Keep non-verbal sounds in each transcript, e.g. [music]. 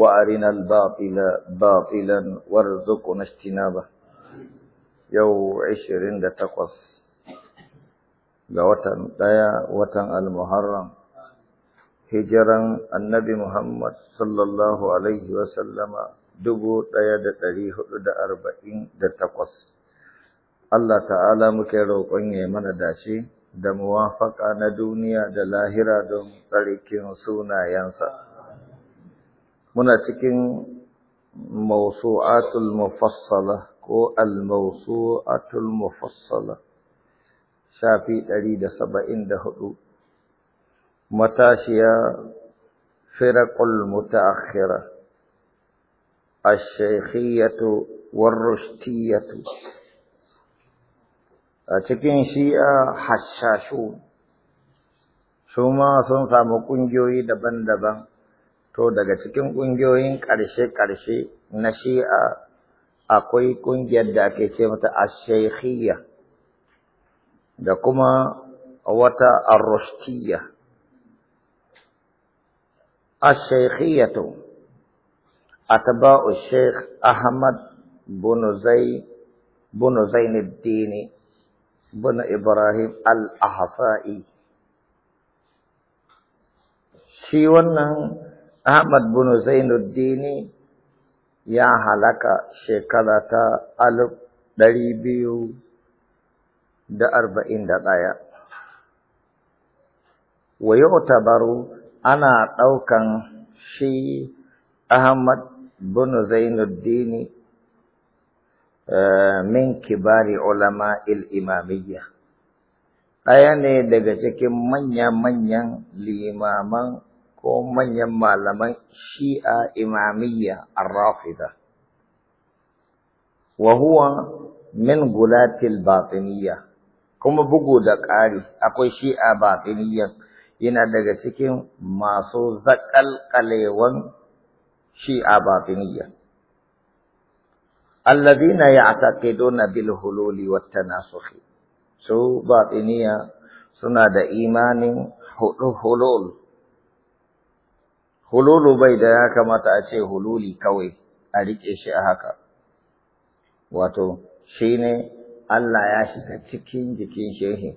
وأرنا الباطل باطلا وارزقنا اجتنابه يو عشرين دتقص غوتن دايا وتن المحرم hijiran annabi Muhammad sallallahu Alaihi wasallama dubu ɗaya da ɗari hudu da arba'in da takwas. Allah ta'ala muke roƙon ya mana dace da muwafaƙa na duniya da lahira don tsarkin sunayensa. muna cikin mawsu'atul mufassala ko al-mawsu'atul mufassala shafi 174 matashiya firaqul mutaakhira ash-shaykhiyatu war-rushtiyatu a cikin shi'a hashashun su ma sun samu ƙungiyoyi daban-daban to daga cikin ƙungiyoyin ƙarshe-ƙarshe na shi'a akwai ƙungiyar da ake ce mata ashekhiyya da kuma wata arroshtiyya ba atba'u sheikh ahmad bunu zai zainuddini bunu ibrahim al ahasai shi wannan Ahmad bin Zainuddin ya halaka shekara ta alif ɗari biyu da arba'in da ɗaya. Wa yu'tabaru ana ɗaukan shi Ahmad bin Zainuddini eh, min kibari ulama il-imamiyya. Ɗaya ne daga cikin manya-manyan limaman ko manyan malaman shi'a imamiyya arrafida wa huwa min gulatil batiniyya kuma bugu da ƙari akwai shi'a batiniyya yana daga cikin masu zaƙalƙalewan shi'a batiniyya alladhina ya'taqiduna bil hululi wat tanasukhi su batiniyya suna da imanin hulul hululu bai da ya kamata a ce hululi kawai a riƙe shi a haka wato shi ne Allah ya shiga cikin jikin shehin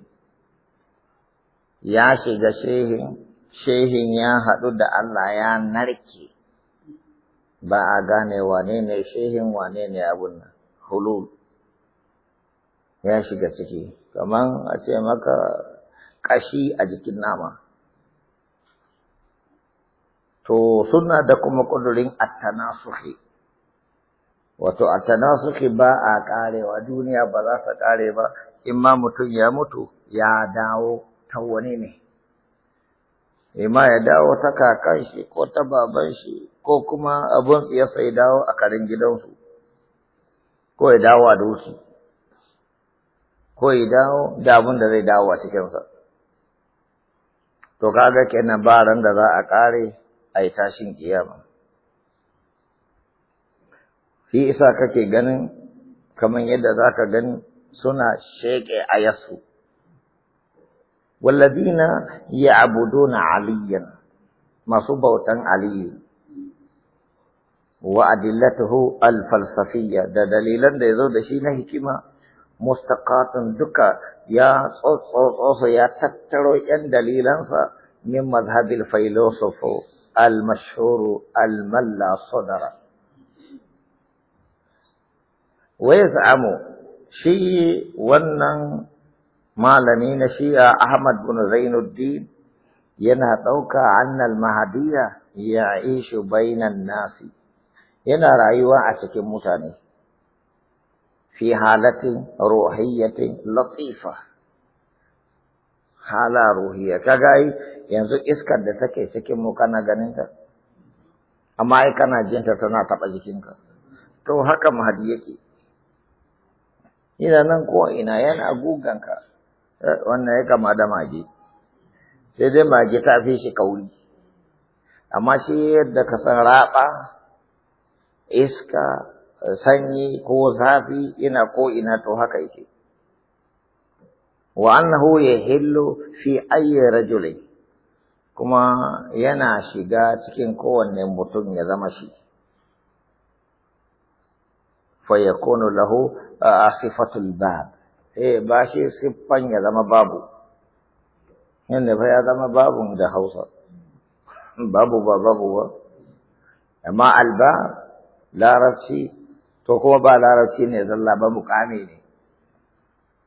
ya shiga shehin shehin ya haɗu da Allah ya narke ba a gane wane ne shehin wane ne abun nan hulul ya shiga ciki kamar a ce maka ƙashi a jikin nama to suna da kuma ƙudurin attanasuhi wato attanasuhi ba a ƙarewa duniya ba za ta ƙare ba in ma mutum ya mutu ya dawo ta wani ne ima ya dawo ta kakan shi ko ta baban shi ko kuma abun ya sai dawo a karin gidansu ko ya dawo a doki ko ya dawo da abin da zai dawo a cikinsa to kaga kenan ba ran da za a ƙare Ai tashin kiyama shi isa kake ganin kamar yadda zaka gani suna sheƙe ayarsu walladina ya'buduna aliyan masu bautan aliyu wa adillatuhu al-falsafiyya da dalilan da yazo da shi na hikima mustaqatan duka ya tsotsotso ya tattaro yan dalilansa min mazhabil filosofo المشهور الملا صدر ويزعم شي ونن ما لمين شيء احمد بن زين الدين ينهى توكا عن المهدية يعيش بين الناس ينا رايوا اسكن مساني في حالة روحية لطيفة حالة روحية كجاي yanzu iskar da take cikin mu kana ganin ta amma ai kana jin ta tana taɓa jikinka to haka mahadi yake Ina nan ko ina yana guganka wannan ya kama da mage sai dai mage ta fi shi kauri amma shi yadda ka san raba, iska sanyi ko zafi ina ko ina to haka yake wa annahu yahillu fi ayyi rajulin kuma yana shiga cikin kowanne mutum ya zama shi fa yakunu lahu sifatul bab eh ba shi siffan ya zama babu yanda fa ya zama babun da Hausa babu ba babu ba amma alba larabci to kuma ba larabci ne zalla ba mukami ne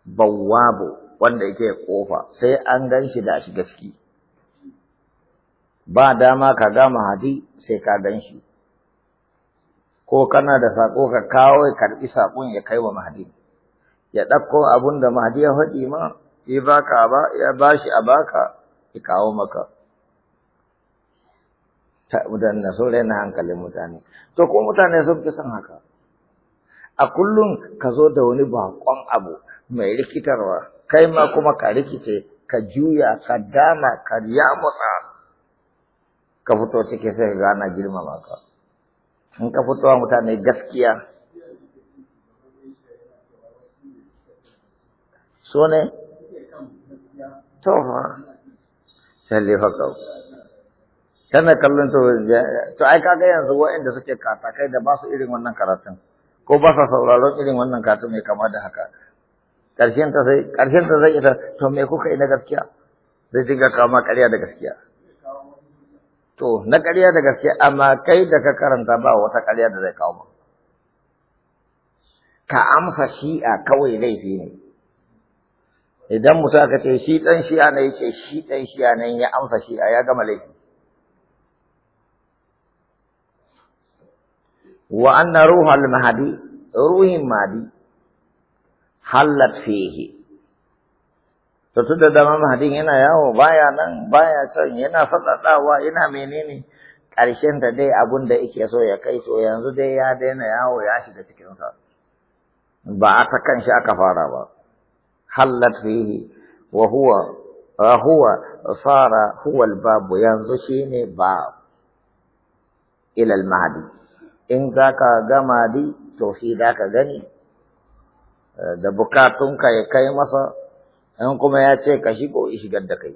bawwabu wanda yake kofa sai an gan shi da shi gaski ba dama ka gama hadi sai ka gan shi ko kana da sako ka kawo ya karɓi sakon ya kai wa mahadi ya ɗauko abun da mahadi ya faɗi ma ya baka ba ya bashi a baka ya kawo maka ta mutane na so na hankalin mutane to ko mutane sun fi son haka a kullum ka zo da wani bakon abu mai rikitarwa kai ma kuma ka rikice ka juya ka dama ka yamutsa ka fito cikin sai ka gana girmama ka in ka fitowa mutane gaskiya so ne to ha sai haka kana kallon to to ai kaga yanzu waɗanda suke kai da ba su irin wannan karatun ko ba sa sauraron irin wannan karatun mai kama da haka ƙarshen ta sai ƙarshen ta zai ita to me kuka yi na gaskiya zai dinga kama ƙarya da gaskiya to na ƙarya da gaske amma kai da ka karanta ba wata ƙarya da zai kawo ba. ka amsa shi'a kawai laifi ne idan mutum aka ce shi ɗan shi'a ne yake shi ɗan shi'a ne ya amsa shi'a ya gama laifi wa ruhun mahadi, mahdi ruhin mahadi halat to tun da dama mahadin yana yawo baya nan baya son yana faɗaɗawa yana menene ƙarshen da dai abun da yake so ya kai to yanzu dai ya daina yawo ya shiga cikinsa ba a ta kan shi aka fara ba hallat fihi wa huwa huwa sara huwa babu yanzu shine ne ila al-mahdi in ka gama di to shi da ka gani da bukatunka ya kai masa in kuma ya ce ka shigo shigar da kai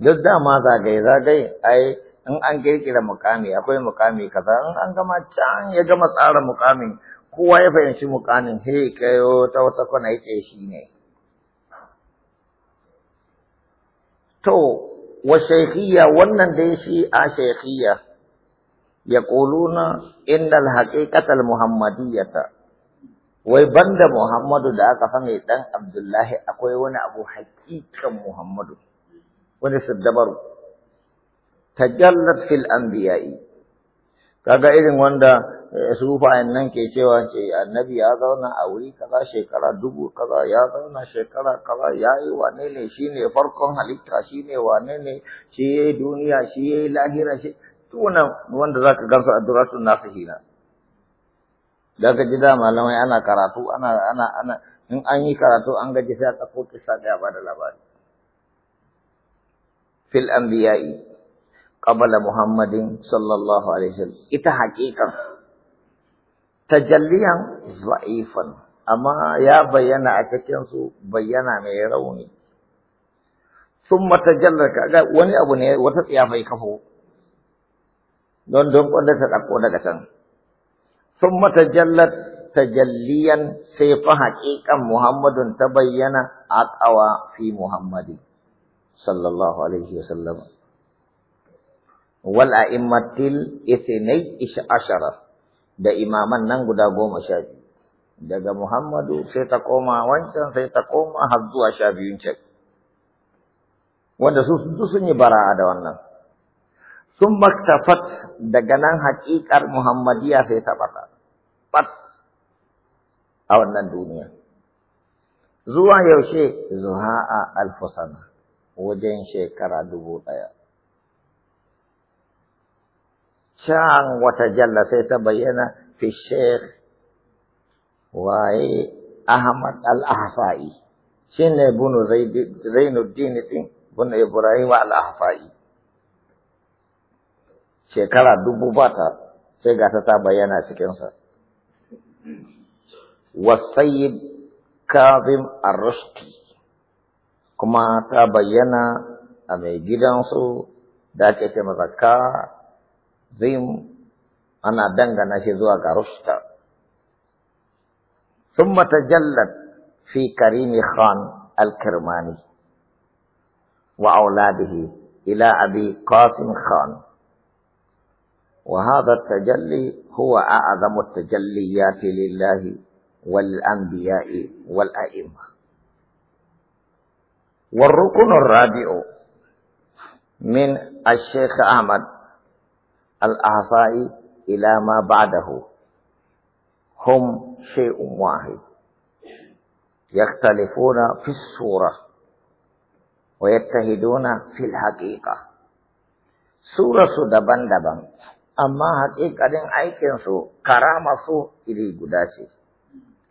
duk dama zagaye zagaye ai in an kirkira mukami akwai mukami kaza in an gama can ya gama tsara mukamin kowa ya fahimci mukamin he kayo ta wata kwana yake shi ne to wa shaykhiyya wannan dai shi a shaykhiyya yaquluna innal haqiqatal muhammadiyata wai banda Muhammadu da aka sani dan Abdullahi akwai wani abu hakikan Muhammadu wani Ta tajallat fil anbiya'i kaga irin wanda eh, sufayen nan ke cewa ce annabi ya zauna a wuri kaza shekara dubu kaza ya zauna shekara kaza ya yi wane ne shi ne farkon halitta shi ne wane ne shi ya yi duniya shi ya yi lahira shi tunan wanda za ka gansu a duratun nasu hina da ka ji da malamai ana karatu ana ana ana in an yi karatu an gaji sai a tsako kisa da ba da labari fil anbiya'i qabla muhammadin sallallahu alaihi wasallam ita haqiqa tajalliyan za'ifan amma ya bayyana a cikin su bayyana mai rauni summa tajalla ka wani abu ne wata tsiya bai kafo don don kwanda ta daga can ثم تجلت تجليا سيف حقيقة محمد تبين أطوى في محمد صلى الله عليه وسلم والأئمة الاثني عشرة da imaman nan guda goma sha daga Muhammadu sai ta koma wancan sai ta koma har zuwa sha biyun can wanda su sun yi bara'a da wannan sun maktafat daga nan haƙiƙar Muhammadiyya sai ta ɓata, ɓat a wannan duniya. Zuwa yaushe zuha'a alfusana wajen shekara dubu ɗaya. Can wata jalla sai ta bayyana fi Sheikh waye Ahmad al-Ahsa'i, shi ne bunu Zainuddin ɗin, bunu Ibrahim al-Ahsa'i. shekara dubu ta, sai ga ta bayyana cikinsa wasayyid kazim ar kuma ta bayyana a mai gidansu da ake ce masa kazim ana dangana shi zuwa ga rushda ثم تجلت في كريم خان الكرماني وأولاده ila abi قاسم Khan. وهذا التجلي هو أعظم التجليات لله والأنبياء والأئمة والركن الرابع من الشيخ أحمد الأعصائي إلى ما بعده هم شيء واحد يختلفون في الصورة ويتحدون في الحقيقة سورة دبن دبن amma haƙiƙanin aikinsu karama su iri guda ce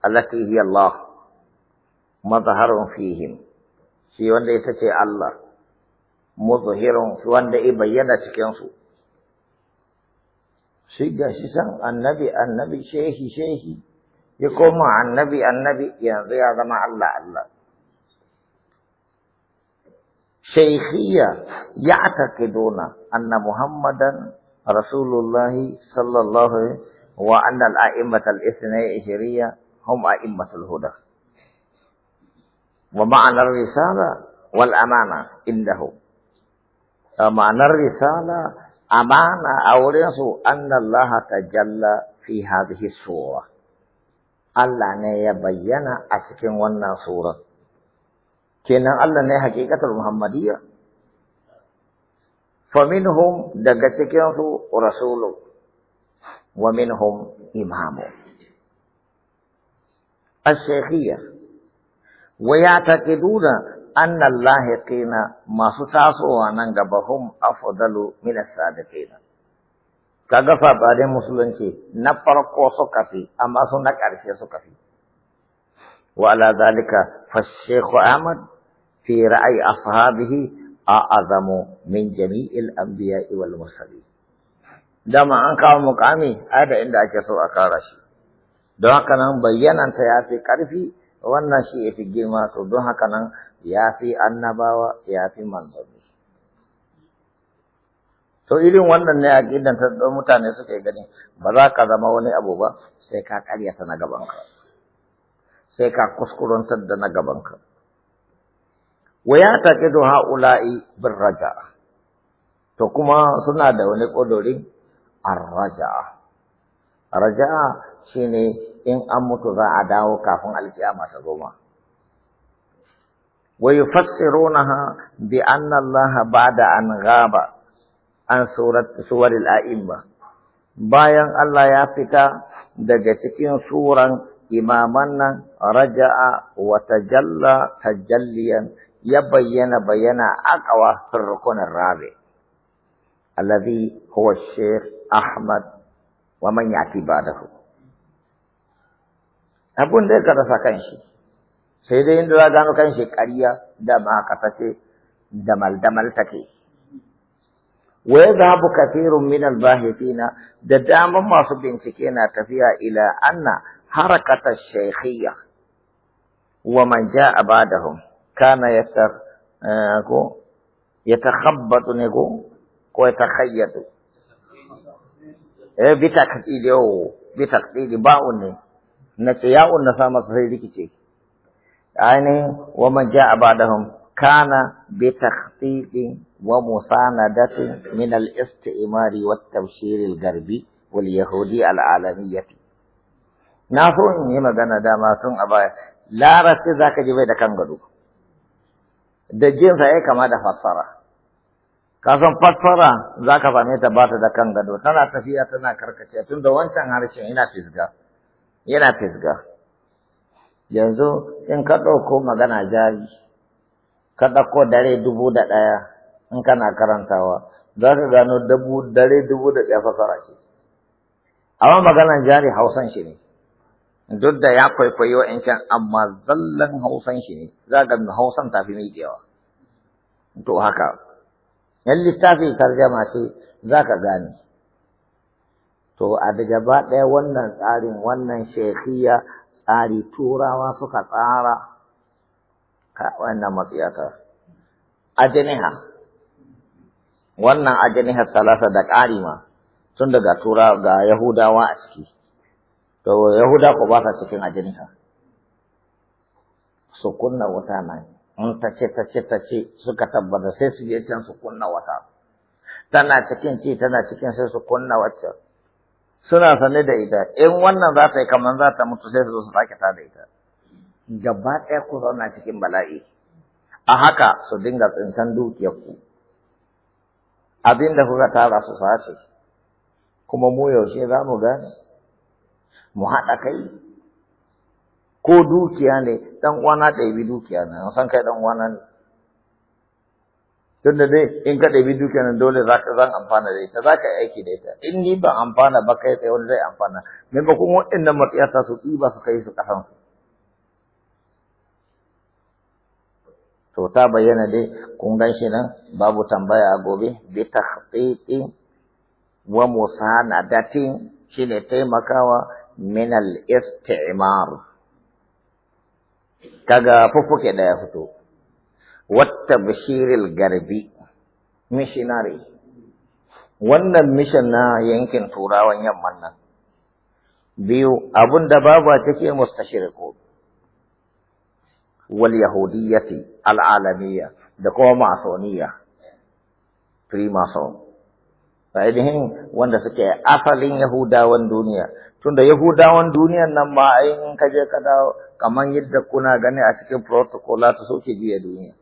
allati hiya Allah mazharun fihim shi wanda ita ce Allah shi wanda ya bayyana cikin su shi ga shi san annabi annabi shehi shehi ya koma annabi annabi yanzu ya zama Allah Allah شيخية Kiduna أن Muhammadan. رسول الله صلى الله عليه وسلم وأن الأئمة الاثني عشرية هم أئمة الهدى ومعنى الرسالة والأمانة عنده معنى الرسالة أمانة أو رسو أن الله تجلى في هذه الصورة الله ne ya اسكن a cikin wannan sura. Kenan حقيقه المحمديه faminhum daga cikinsu rasulu wa minhum imamu الشيخية masu tasowa nan gaba hum ننقبهم أفضل من Ka kaga faɗaɗen musulunci na farko suka fi amma su na ƙarshe suka fi wa ala zalika fa Ahmad fi ra'ayi ashabihi a'azamu min jami'il anbiya'i wal mursalin dama an kawo mukami a da inda ake so a kara shi don haka nan ta ya fi ƙarfi wannan shi ya fi girma to don haka nan ya fi annabawa ya fi manzanni to irin wannan ne a gidan ta mutane suke gani ba za ka zama wani abu ba sai ka karyata na gaban ka. sai ka kuskurantar da na gaban ka. wa ya taqidu haula'i bir Raja? to kuma suna da wani ƙudurin ar Raja shi shine in an mutu za a dawo kafin alkiyama ta goma wa ha? bi anna Allah ba'da an ghaba an surat suwaril a'imma bayan Allah ya fita daga cikin suran imaman nan raja'a wa tajalla tajalliyan يبين بينا أقوى في الركن الرابع الذي هو الشيخ أحمد ومن يأتي بعده أبون ذلك رسا كان سيدين دولا كانوا كان دماء كتاكي دمال دمال تكي ويذهب كثير من الباهتين دداما ما صدين سكينا تفيا إلى أن حركة الشيخية ومن جاء بعدهم kana ya ko ya takhabbatu ne ko ko ya takhayyatu eh bi takdidi yo bi takdidi ba'un ne na ce ya unna sa masa sai rikice ainihin wa man ja'a ba'dahum kana bi takhdidi wa musanadati min al-istimari wat tawshir al-garbi wal yahudi al-alamiyyati na so in yi magana dama tun a baya larabci zaka ji bai da kan gado da jinsa ya kama da fassara kasan fassara za ka same ta ba ta da kan gado tana tafiya tana karkace tun da wancan harshen yana fisga yana fisga yanzu in ka ɗauko magana jari ka ɗauko dare dubu da ɗaya in kana karantawa za ka gano dare dubu da ɗaya fassara ce amma maganan jari hausan shi ne duk da ya kwaikwayi wa'ancan amma zallan hausan shi ne za ga hausan tafi mai yawa to haka yan littafi tarjama ce za ka gane to a da gaba ɗaya wannan tsarin wannan shekhiya tsari turawa suka tsara ka wannan matsiyata ajiniha wannan ajinihar talata da ƙari ma tun daga tura ga yahudawa a ciki to yahuda ko ba ta cikin ajinta su kunna wata nan in ta ce ta ce ta ce suka tabbata sai su je can su kunna wata tana cikin ci tana cikin sai su kunna wata suna sane da ita in wannan za ta yi kamar za ta mutu sai su zo su sake ta da ita gaba ɗaya ku zauna cikin bala'i a haka su dinga tsintan dukiyarku abin da kuka tara su sace kuma mu yaushe za mu gane mu haɗa kai ko dukiya ne ɗan uwana ɗabi dukiya na san kai ɗan uwana ne tun dai in ka ɗabi dukiya ne dole za ka zan amfana da ita za ka yi aiki da ita in ni ban amfana ba kai tsaye wani zai amfana maimakon waɗannan matsiyata su ɗiba su kai su su, to ta bayyana dai kun gan shi nan babu tambaya a gobe bi tahqiqi wa shi shine taimakawa min al-istimar kaga fufuke da ya fito wata bashiril garbi missionary wannan mission na yankin turawan yamman nan biyu abun da babu take mustashriku wal yahudiyyati al alamiyya da kuma masoniya primason ainihin wanda suke asalin Yahudawan duniya tunda Yahudawan duniya nan ma in ka je ka dawo kamar yadda kuna gani a cikin protocol ta soke juya duniya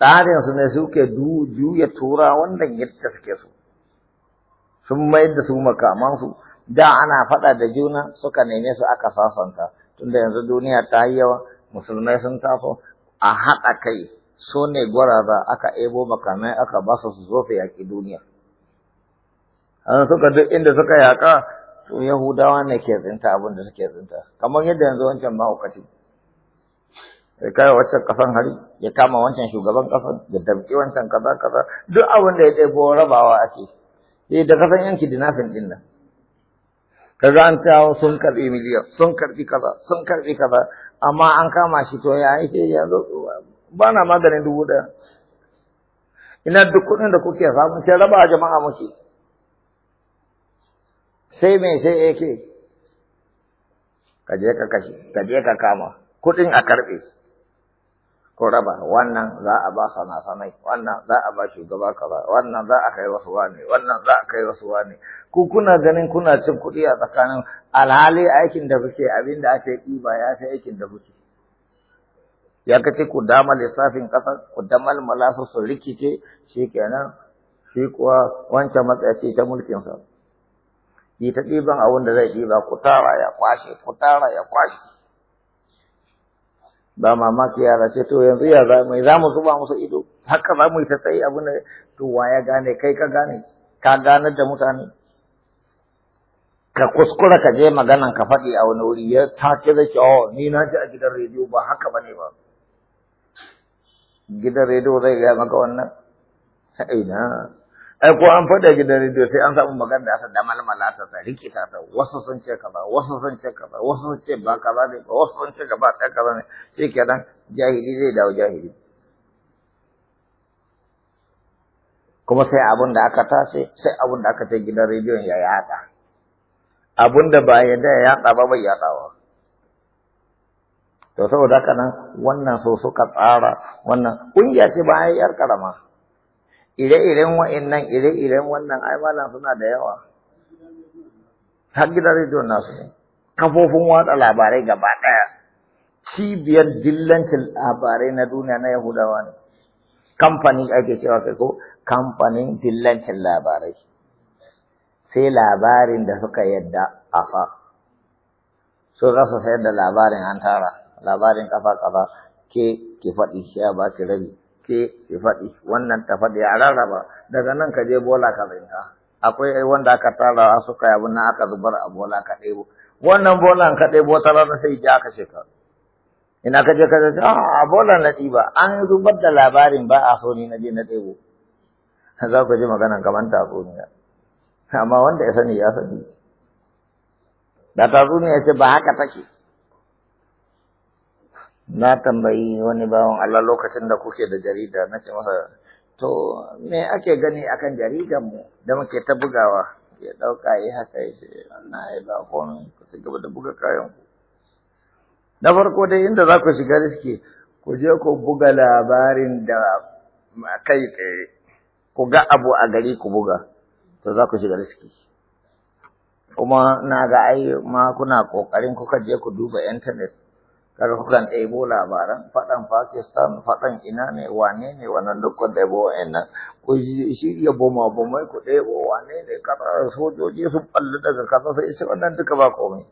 tsarin su ne suke juya tura wanda yadda suke so sun mayar da su makaman su da ana faɗa da juna suka neme su aka sasanta tunda yanzu duniya ta yi yawa musulmai sun taso a haɗa kai so ne gwaraza aka ebo makamai aka basu su su zo su yaƙi duniya an suka duk inda suka yaƙa to yahudawa ne ke tsinta abin da suke tsinta kamar yadda yanzu wancan ce ya kai wancan kasan hari ya kama wancan shugaban kasan ya damƙi wancan kaza kaza duk abin da ya ɗebo rabawa ake sai eh, da kasan yanki dinafin ɗin nan kaga an kawo sun karɓi miliyan sun karɓi kaza sun karɓi kaza amma an kama shi to ya yi sai yanzu ba na maganin dubu ɗaya ina duk kuɗin da kuke samu sai raba jama'a muke sai mai sai yake kaje ka kashe kaje ka kama kuɗin a karbe ko raba wannan za a ba sana sanai wannan za a ba shugaba kaza wannan za a kai wasu wani wannan za a kai wasu wani ku kuna ganin kuna cin kuɗi a tsakanin alhali aikin da kuke abin da ake yi ba ya fi aikin da kuke ya kace ku dama lissafin ƙasar ku damal malasu su rikice shi kenan shi kuwa wancan matsayaci ta mulkin sa yi ta ɗiban abin da zai ɗiba ku tara ya kwashe ku tara ya kwashe ba mamaki yara ce to yanzu ya za mai za mu zuba musu ido haka za mu yi ta tsaye abin da to wa ya gane kai ka gane ka ganar da mutane ka kuskura ka je maganan ka faɗi a wani wuri ya take da ke oh, ni na ji a gidan rediyo ba haka ba ne ba gidan rediyo zai gaya maka wannan ina ai ko an faɗa gidan rediyo sai an samu magana da aka damalmala ta ta rike ta ta wasu sun ce kaza wasu sun ce kaza wasu sun ce ba kaza ne ba wasu sun ce gaba ɗaya kaza ne sai kenan jahili zai dawo jahili kuma sai abun da aka tashi sai abun da aka ce gidan rediyon ya yaɗa abun da ba ya da ya yaɗa ba bai yaɗawa to saboda haka nan wannan so suka tsara wannan kungiya ce ba ai yar karama ire-iren wa'annan ire-iren wannan ai malam suna da yawa har gidan rediyo nasu kafofin watsa labarai gaba ɗaya cibiyar dillancin labarai na duniya na yahudawa ne kamfani ake cewa kai ko kamfanin dillancin labarai sai labarin da suka yadda a fa so za su sayar da labarin an tara labarin kafa kafa ke ke faɗi shi ba ki rabi ke ya faɗi wannan ta faɗi a rarraba daga nan ka je bola ka zinga akwai wanda aka tara kai abin na aka zubar a bola ka ɗebo wannan bolan ka ɗebo ta rana sai ja ka shekaru ina ka je ka ce ah, a bola na ɗiba an zubar da labarin ba a so ni na je na ɗebo [laughs] za ku ji maganan kamar tatsuniya amma wanda ya sani ya sani da tatsuniya ce ba haka take na tambayi wani bawan Allah lokacin da kuke da jarida na ce masa to me ake gani akan jaridan mu da muke ta bugawa ya dauka yi haka ya ce na yi ba komai ku ci gaba da buga kayan ku na farko dai inda za ku shiga riski ku je ku buga labarin da kai tsaye ku ga abu a gari ku buga to za ku shiga riski kuma na ga ai ma kuna kokarin kuka je ku duba intanet kaga kukan ɗebo labaran faɗan Pakistan faɗan ina ne wane ne wannan dukkan ɗebo wa'annan ku shirya boma bomai ku ɗebo wane ne kaza sojoji su ɓalli daga kaza sai ce wannan duka ba komai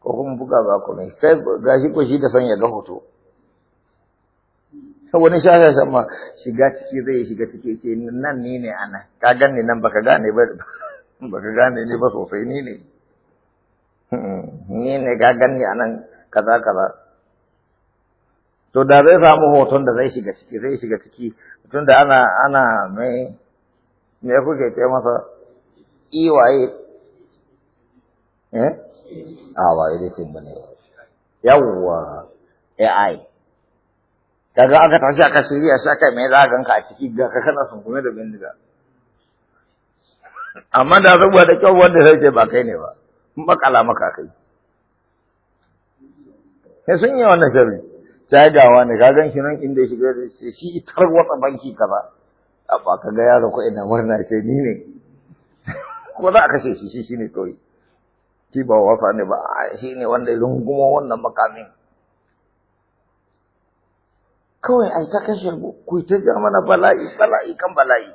ko kuma buga ba komai sai gashi ko shi da son ya ga hoto Wani saboda shashashan ma shiga ciki zai shiga ciki ce nan ni ne ana ka ganni nan baka gane ba baka gane ni [laughs] ba sosai ni ne ni ne ka gane anan kaza kaza to da zai samu hoton da zai shiga ciki zai shiga ciki tunda da ana ana mai me kuke ce masa iwaye eh a ba shi bane yawwa ai kaga aka tashi aka shirya shi aka mai za ganka a ciki ga ka kana sunkume da bindiga amma da zuwa da kyau wanda sai ce ba kai ne ba in makala maka kai sai sun yi wannan sharri jagawa ne ka gan nan inda ya shiga da shi itar wata banki kaza a ba ka ga yaro ko ina murna ce ni ne ko za a kashe shi shi shine kawai Ki ba wasa ne ba shi ne wanda ya lunguma wannan makamin kawai ai ta kashe ku ta ja mana bala'i bala'i kan bala'i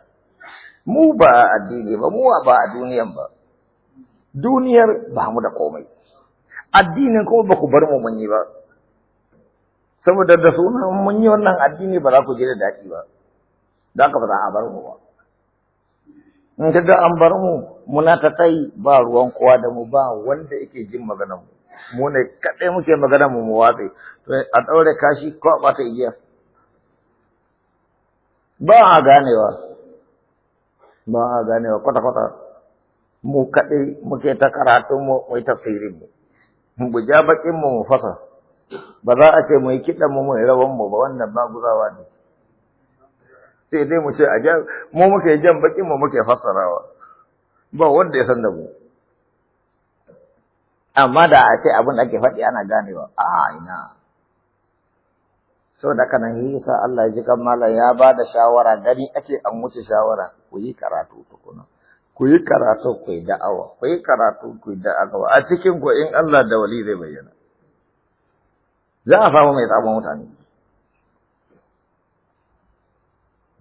mu ba addini ba mu ba a duniyan ba duniyar ba mu da komai addinin kuma ba ku bar mu mun yi ba saboda da sunan mun yi wannan addini ba za ku je da daɗi ba za ka ba za a bar mu ba in ka ga an bar mu muna ta tai ba ruwan kowa da mu ba wanda yake jin maganar mu mu ne kaɗai muke maganar mu mu to a ɗaure kashi ko a ɓata igiya ba a ganewa ba a ganewa kwata-kwata mu kaɗai muke ta karatun mu mai tafsirin mu mu ja bakin mu mu fasa ba za a ce mu yi kiɗan mu mai rawan mu ba wannan ba guzawa ne sai dai mu ce a ja mu muke jan baki mu muke fassarawa ba wanda ya san da mu amma da a ce abin da ake faɗi ana ganewa a ina sau da haka nan Allah ya ji kammala ya ba da shawara gani ake an wuce shawara ku yi karatu tukuna ku yi karatu ku yi da'awa ku yi karatu ku yi da'awa a cikin ku in Allah da wali zai bayyana za a samu mai tsabon mutane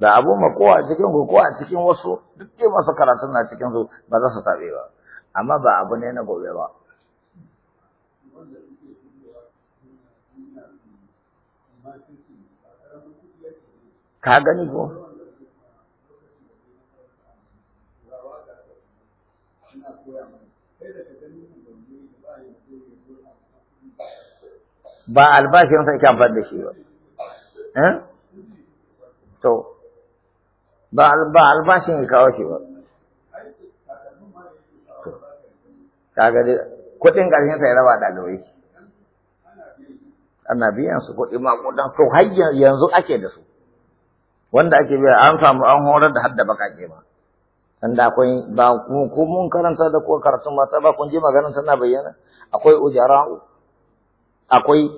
da abu ma ko a cikin ku ko a cikin wasu duk ke masu karatun na cikin su ba za su tabe ba amma ba abu ne na gobe ba ka gani ko ba albashinsa yake amfani da shi ba eh? to ba albashin ya kawo shi ba kaga dai kuɗin ƙarshen sai raba da gawai ana biyan su kuɗi maƙudan to har yanzu ake da su wanda ake biya an samu an horar da hadda baƙaƙe ma da akwai ba ku mun karanta da ko karatun mata ba kun ji maganar tana bayyana akwai ujara'u akwai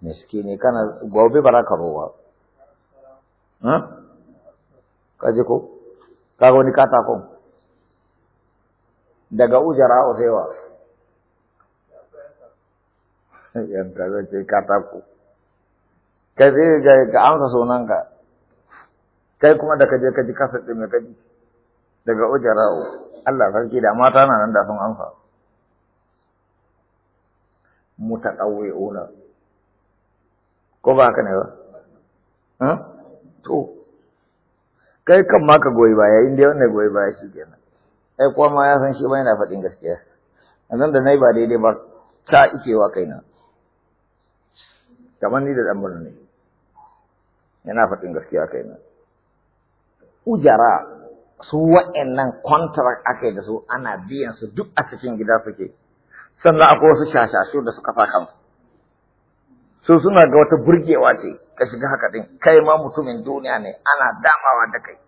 ne kana gobe ba za ka rowa ka ji ko ka wani katakon daga ujara a saiwa [laughs] yan kaza ce katako kai zai ga amsa sunan ka kai kuma da kaje ka ji kasa ɗin mai kaji daga ujara'u Allah sarki da mata na nan da sun amsa mutaɗauye'una ko ba haka ne ba to kai kan ma ka goyi baya in dai wannan goyi baya shi kenan ai kuwa ma ya san shi ba yana faɗin gaskiya nan da nai ba daidai ba ta ikewa kaina kamar ni da ɗan ne yana faɗin gaskiya kaina ujara su wa'annan contract aka da su ana biyan su duk a cikin gida suke sannan akwai wasu shashashu da suka fa kansu su suna ga wata burgewa ce ka shiga haka din kai ma mutumin duniya ne ana damawa da kai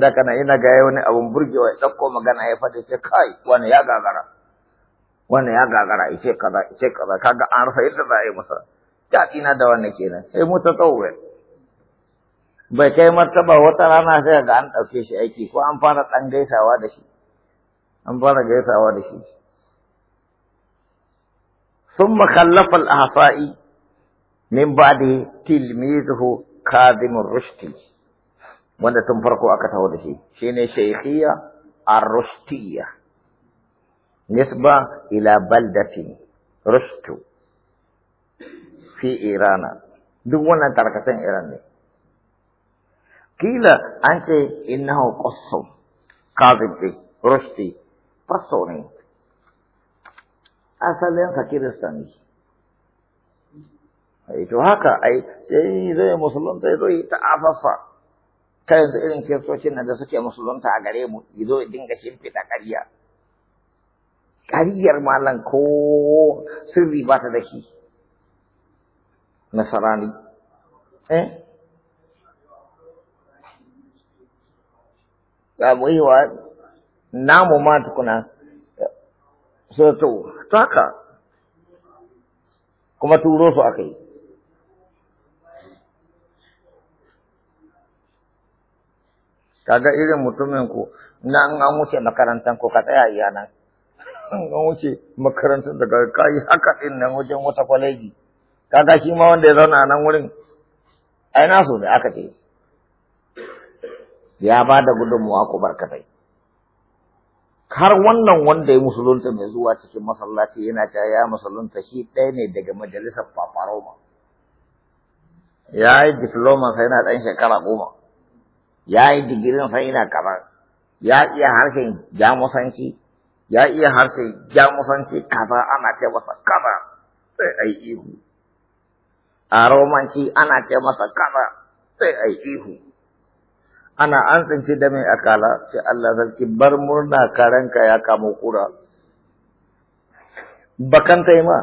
da kana ina ga wani abun burgewa ya ɗauko magana ya faɗi ce kai wani ya gagara Wani ya gagara ice kaza ice kaza kaga an rufe yadda za a yi masa daɗi na da wannan kenan sai mu ta tsawon bai kai martaba wata rana sai ga an ɗauke shi aiki ko an fara ɗan gaisawa da shi an fara gaisawa da shi ثم خلف الأحصائي من بعد تلميذه كاظم الرشدي wanda tun farko aka taho da shi shine shaykhiya ar-rushtiyya nisba ila baldatin rushtu fi irana duk wannan tarkacen iran ne kila an ce innahu qassam kazim din rushti fasto ne asalinsa kirista ne to haka ai sai eh, zai musulunta zai zo yi ta'afafa ta yanzu irin kiristocin nan da suke musulunta a gare mu yazo zo ya dinga shimfiɗa ƙarya Ƙariyar malam ko sirri ba ta da shi nasarani eh ga muhiwa namu ma tukuna so to haka kuma turo su aka yi kaga irin mutumin ku na an an wuce makarantar ku ka tsaya iya nan an [laughs] an wuce makarantar daga kayi haka din nan wajen wata kwaleji kaga shi ma wanda ya zauna a nan wurin ai na so ne aka ce ya ba da gudunmuwa ku barkatai har wannan wanda ya musulunta mai zuwa cikin masallaci yana cewa ya musulunta shi ɗaya ne daga majalisar paparoma ya yi diploma sai yana ɗan shekara goma ya yi digirin sai yana kaza ya iya harshen jamusanci ya iya harshen jamusanci kaza ana ce masa kaza sai ai ihu a romanci ana ce masa kaza sai ai ihu ana an tsince da mai akala sai Allah sarki bar murna karanka ya kamo kura bakan ta yi ma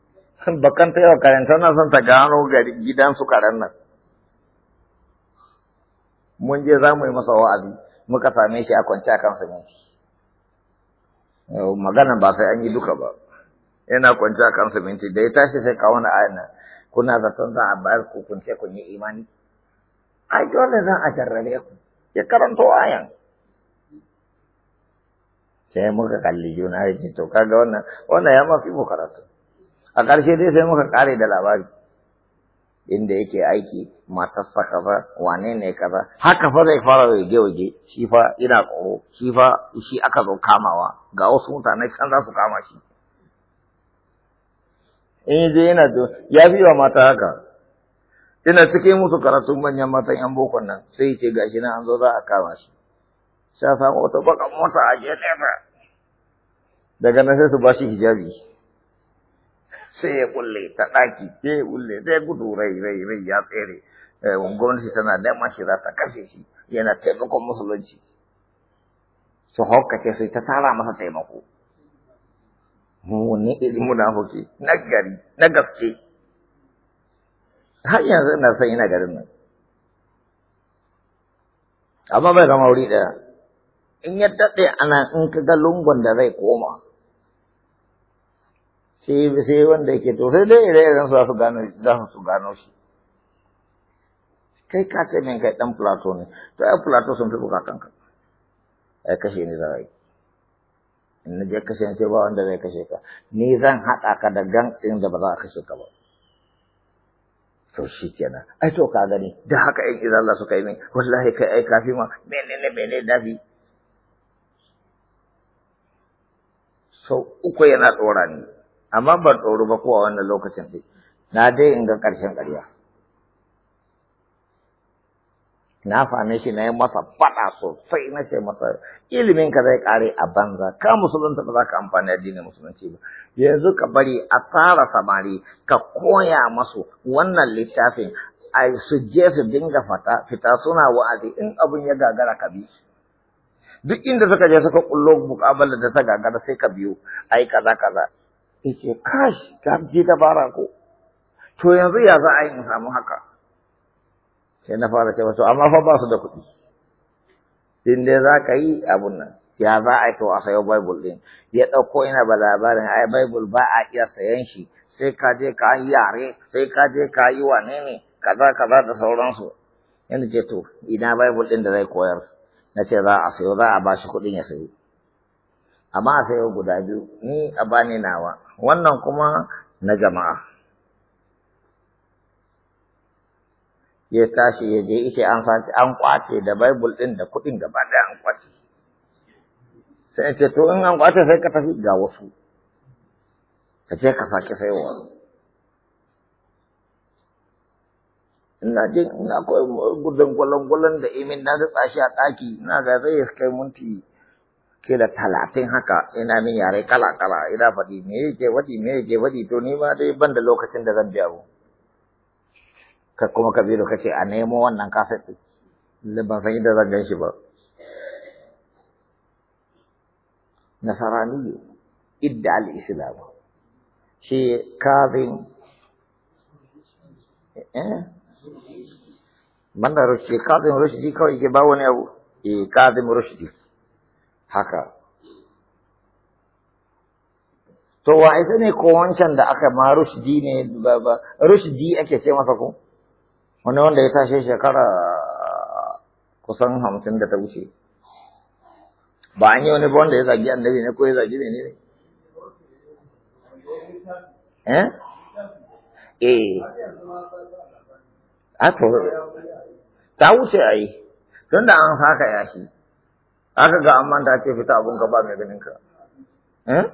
[laughs] bakan ta yi wa karen tana son ta gano gidansu karen nan mun je za mu yi masa wa'azi muka same shi a kwance a kan siminti magana ba sai an yi duka ba yana kwance a kan siminti da ya tashi sai kawo na ayan kuna zaton za a bayar ku kunce kun yi imani ai dole za a jarrabe ku ya karanto ayan sai muka kalli juna ya ce to kaga wannan wannan ya mafi mu karatu a ƙarshe dai sai muka ƙare da labari inda yake aiki matarsa kaza wane ne kaza haka fa zai fara waje waje shi fa ina tsoro shi fa shi aka zo kamawa ga wasu mutane can za su kama shi in je yana ya fi wa mata haka ina cike musu karatun manyan matan yan bokon nan sai ce gashi na an zo za a kama shi sai samu wata baka mota a je daga nan sai su ba shi hijabi sai ya kulle ta ɗaki sai ya kulle sai ya gudu rai rai rai ya tsere eh, gwamnati tana neman shi za ta kashe shi yana taimakon musulunci su haukace sai ta tara masa taimako mu ne irin munafuki na gari na gaske har yanzu ina son ina garin nan amma bai zama wuri ɗaya in ya daɗe ana in ka ga lungun da zai koma sai sai wanda yake to sai dai ire iren su gano za su gano shi kai ka ce min kai ɗan plato ne to ai plato sun fi bukatan ka ai eh, kashe ni za a yi in na je kashe ce ba wanda zai kashe ka ni zan haɗa ka da gan ɗin da ba za a kashe ka ba to shi kenan ai to ka gani da haka in idan Allah suka yi min wallahi kai ai kafi ma menene menene dafi so uku yana tsora ni amma ban tsoro ba ko a wannan lokacin din na dai in ga ƙarshen ƙarya na same shi na yi masa faɗa sosai na ce masa ilimin ka zai kare a banza ka musulunta ba za ka amfani addinin musulunci ba yanzu ka bari a tsara samari ka koya masu wannan littafin a su je su dinga fata fita suna wa'azi in abin ya gagara ka bi duk inda suka je suka kullo mukabala da ta gagara sai ka biyo a yi kaza kaza kashi kash ka ji dabara ko to yanzu ya za a yi in samu haka sai na fara cewa to amma fa ba su da kuɗi din dai za ka yi abun nan ya za a to a sayo bible din ya ɗauko ina ba labarin ai bible ba a iya sayan shi sai ka je ka yi yare sai ka je ka yi wane ne kaza kaza da sauransu yana ce to ina bible din da zai koyar na ce za a sayo za a ba shi kuɗin ya sayo amma a sayo guda biyu ni a bani nawa wannan kuma na jama'a ya tashi ya je ishe an sace an kwace da Bible din da kuɗin gaba ɗaya an kwace. Sai ya ce to in an kwace sai ka tafi ga wasu. Ka ce ka sake saiwa. Ina jin ina kawai gudun gwalangwalan da imin na datsa shi a ɗaki ina ga zai kai minti da talatin haka ina min yare kala kala ina faɗi me yake faɗi me yake faɗi to ni ma dai ban da lokacin da zan biya mu. ka kuma kabiru ka ce a nemo wannan kasati da ban san yadda zan gan shi ba Nasarani idda al-islam shi kazin eh banda rushdi kazin rushdi kawai ke ba wani abu eh kazin rushdi haka to wa ne ko wancan da aka ma rushdi ne ba rushdi ake ce masa ko wani wanda ya tashe shekara kusan hamsin da ta wuce ba an yi wani ba wanda ya zagi annabi ne ko ya zagi ne ne eh eh a to ta wuce a yi don da an haka yashi aka ga an manta ce fita abun ka ba mai ganin ka eh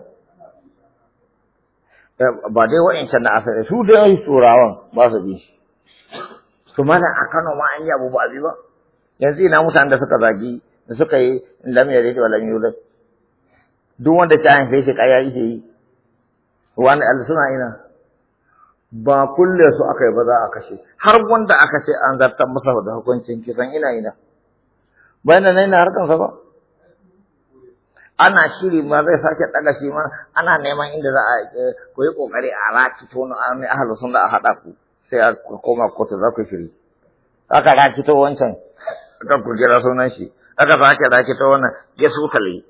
ba dai wa'incan na asali su dai turawan ba su bi su mana a Kano ma an yi abu ba abi ba yanzu ina mutanen da suka zagi da suka yi lam ya wa lam yulad duk wanda ta haife shi kaya yake yi wani suna ina ba kulle su aka yi ba za a kashe har wanda aka ce an zartar masa da hukuncin kisan ina ina bayan nan ina harkansa ba ana shiri ma zai sake daga shi ma ana neman inda za a eh, koyi kokari a raki tono a mai ahalu a haɗa ku sai a koma kotu za ku shiri aka ta wancan aka ku kira sunan shi aka da rakito wannan ya kalli.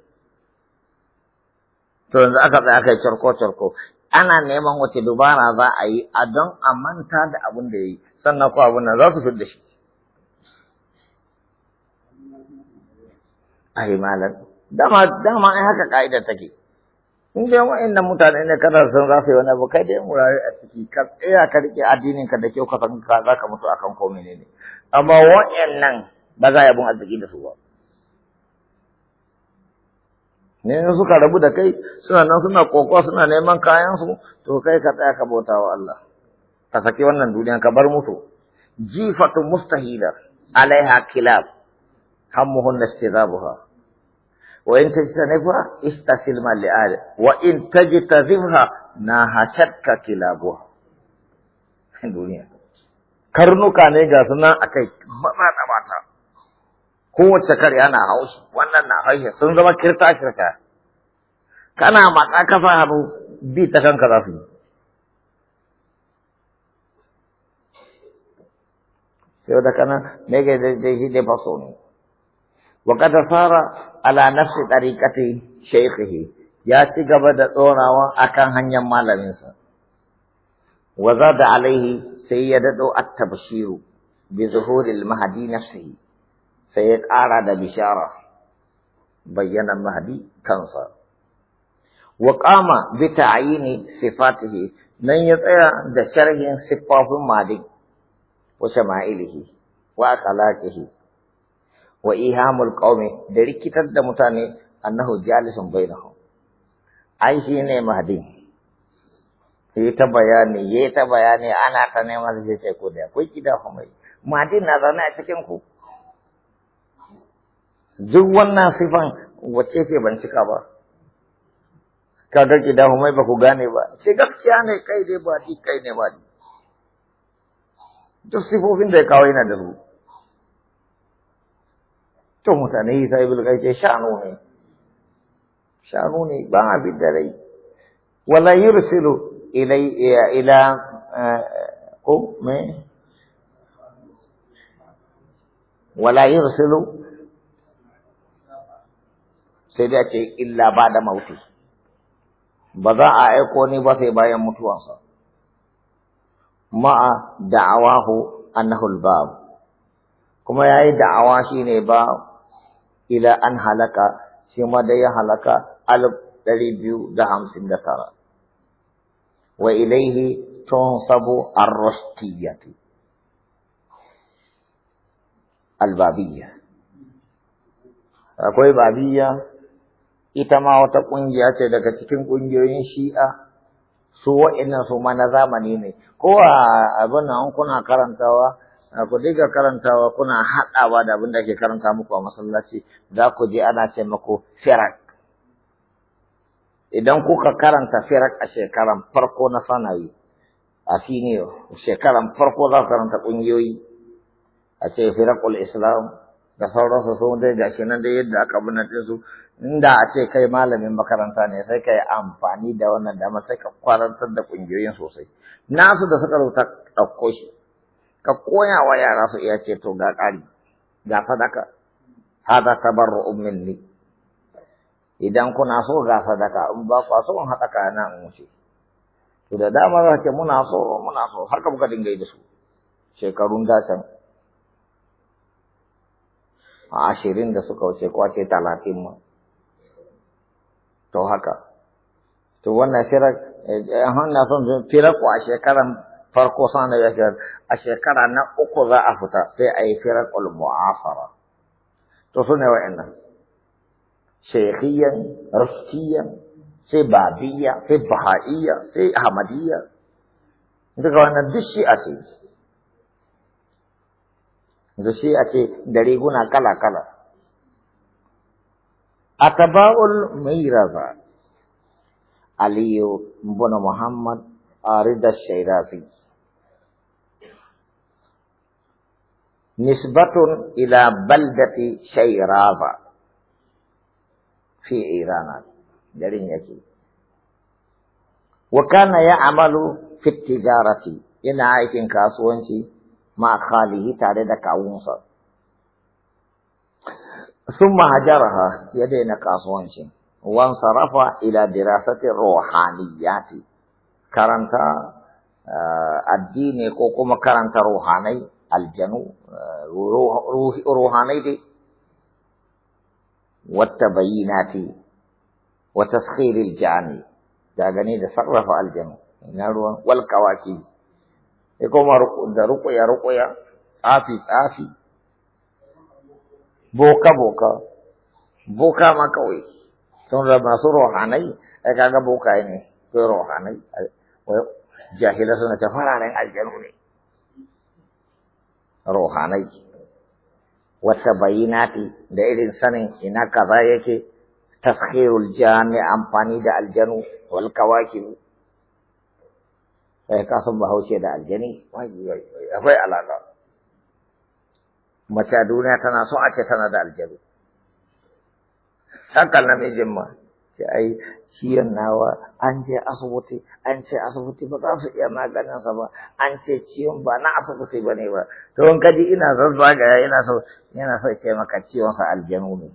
to yanzu aka tsaya aka yi carko carko ana neman wace dubara za a yi a don a manta da abin da ya yi sannan ko abin nan za su fidda shi ai malam dama dama ai haka ka'idar take in dai wa'annan mutane ne kana son za su yi wani abu kai dai wurare a ciki ka tsaya ka rike addinin ka da kyau ka san ka za ka mutu akan komai ne ne amma wa'annan ba za a yabon arziki da su ba ne suka rabu da kai suna nan suna kokowa suna neman kayan su to kai ka tsaya ka bauta wa Allah ka saki wannan duniya ka bar mutu jifatu mustahila alaiha kilab hammuhun nastizabuha وإن تجتنبها استسلم لآل وإن تجتذبها ناهشتك كلابها الدنيا [laughs] كرنو كاني غاسنا أكي مما نباتا كو تشكر يا نهاوش وانا نهاوش سنزما كرتا شركا كان أماتا كفا هنو بي تخن كرافي سيودا كان ميجي دي دي دي باسوني وقد صار ala nafsi tariqati shaykhihi ya ci gaba da tsorawa akan hanyar malaminsa wa zada alaihi sai ya dado at-tabshiru bi zuhuril mahdi nafsihi sai ya ƙara da bishara bayyana mahdi kansa wa qama bi ta'yini sifatihi nan ya tsaya da sharhin siffafin malik wa shama'ilihi wa akhlaqihi wa ihamul qaumi da rikitar da mutane annahu jalisun bainahum ai shi ne mahdi yi ta bayani yi ta bayani ana ta neman zai ce ko da akwai gida mai mahdi na zaune a cikin ku duk wannan sifan wacce ce ban cika ba kaga gida mai ba ku gane ba ce gaskiya ne kai dai ba kai ne ba duk sifofin da ya kawo yana da su to mutane sai bil kai shanu ne shanu ne ba abin da rai wala yursilu ilai ila eh, ko me wala yursilu sai da ce illa ba da mauti ba za a aiko ni ba sai bayan mutuwansa ma'a da'awahu annahu al-bab kuma yayi da'awa shine ba ila an halaka shi ma da ya halaka alif ɗari biyu da hamsin da tara wa ilaihi tunsabu ar-rustiyatu al akwai babiya, ita ma wata ƙungiya ce daga cikin ƙungiyoyin shi'a su wa'annan su ma na zamani ne kowa abin nan kuna karantawa ku diga karantawa kuna haɗawa da abin da ake karanta muku a masallaci za ku je ana ce muku firak idan kuka karanta firak a shekaran farko na sanayi a senior shekaran farko za ku karanta ƙungiyoyi a ce firakul islam da sauransu sun dai gashi nan dai yadda aka bi su inda a ce kai malamin makaranta ne sai ka yi amfani da wannan dama sai ka kwarantar da ƙungiyoyin sosai nasu da suka rubuta ɗauko shi ka koya wa yara su iya ce to ga ƙari ga sadaka hada tabarru minni idan kuna so ga sadaka in ba ku so in haɗa kana in wuce to da dama za ke muna so muna so har ka buka dinga yi da su shekarun dacan a ashirin da suka wuce kwace talatin ma to haka to wannan firar an eh, eh, hanna son fira ku a shekaran farko sana ya shigar a shekara na uku za a fita sai a yi firar mu'asara to su ne wa'annan shekhiyan ruskiyan sai babiya sai baha'iyya sai ahmadiyya daga wannan duk shi a ce da shi a ce da riguna kala-kala ataba'ul mairaza aliyu bin muhammad arida shairasi nisbatun ila baldati shairaba fi irana garin yake wa kana amalu fi tijarati yana aikin kasuwanci ma khalihi tare da kawunsa ثم هجرها يدين كاسوانشين وانصرف إلى دراسة الروحانيات addini ko kuma karanta روحاني الجنو روح روحاني دي والتبينات وتسخير الجاني دا غني دا صرف الجنو والكواكب يقوم رقيا رقيا صافي صافي بوكا بوكا بوكا ما كوي ثم ربنا روحاني اكاغا بوكا يعني روحاني جاهلة سنة فرارين الجنوني ruhanai wata bayinati da irin sanin ina kaza yake taskhirul jami amfani da aljanu wal kawakib sai ka san bahaushe da aljani akwai alaka mace duniya tana so a ce tana da aljanu haka mijin ma ce ai ciyon nawa an je asibiti an ce asibiti ba za su iya maganinsa ba an ce ciyon ba na asibiti ba ne ba to in kaji ina zazzagaya ina so yana so ce maka sa aljanu ne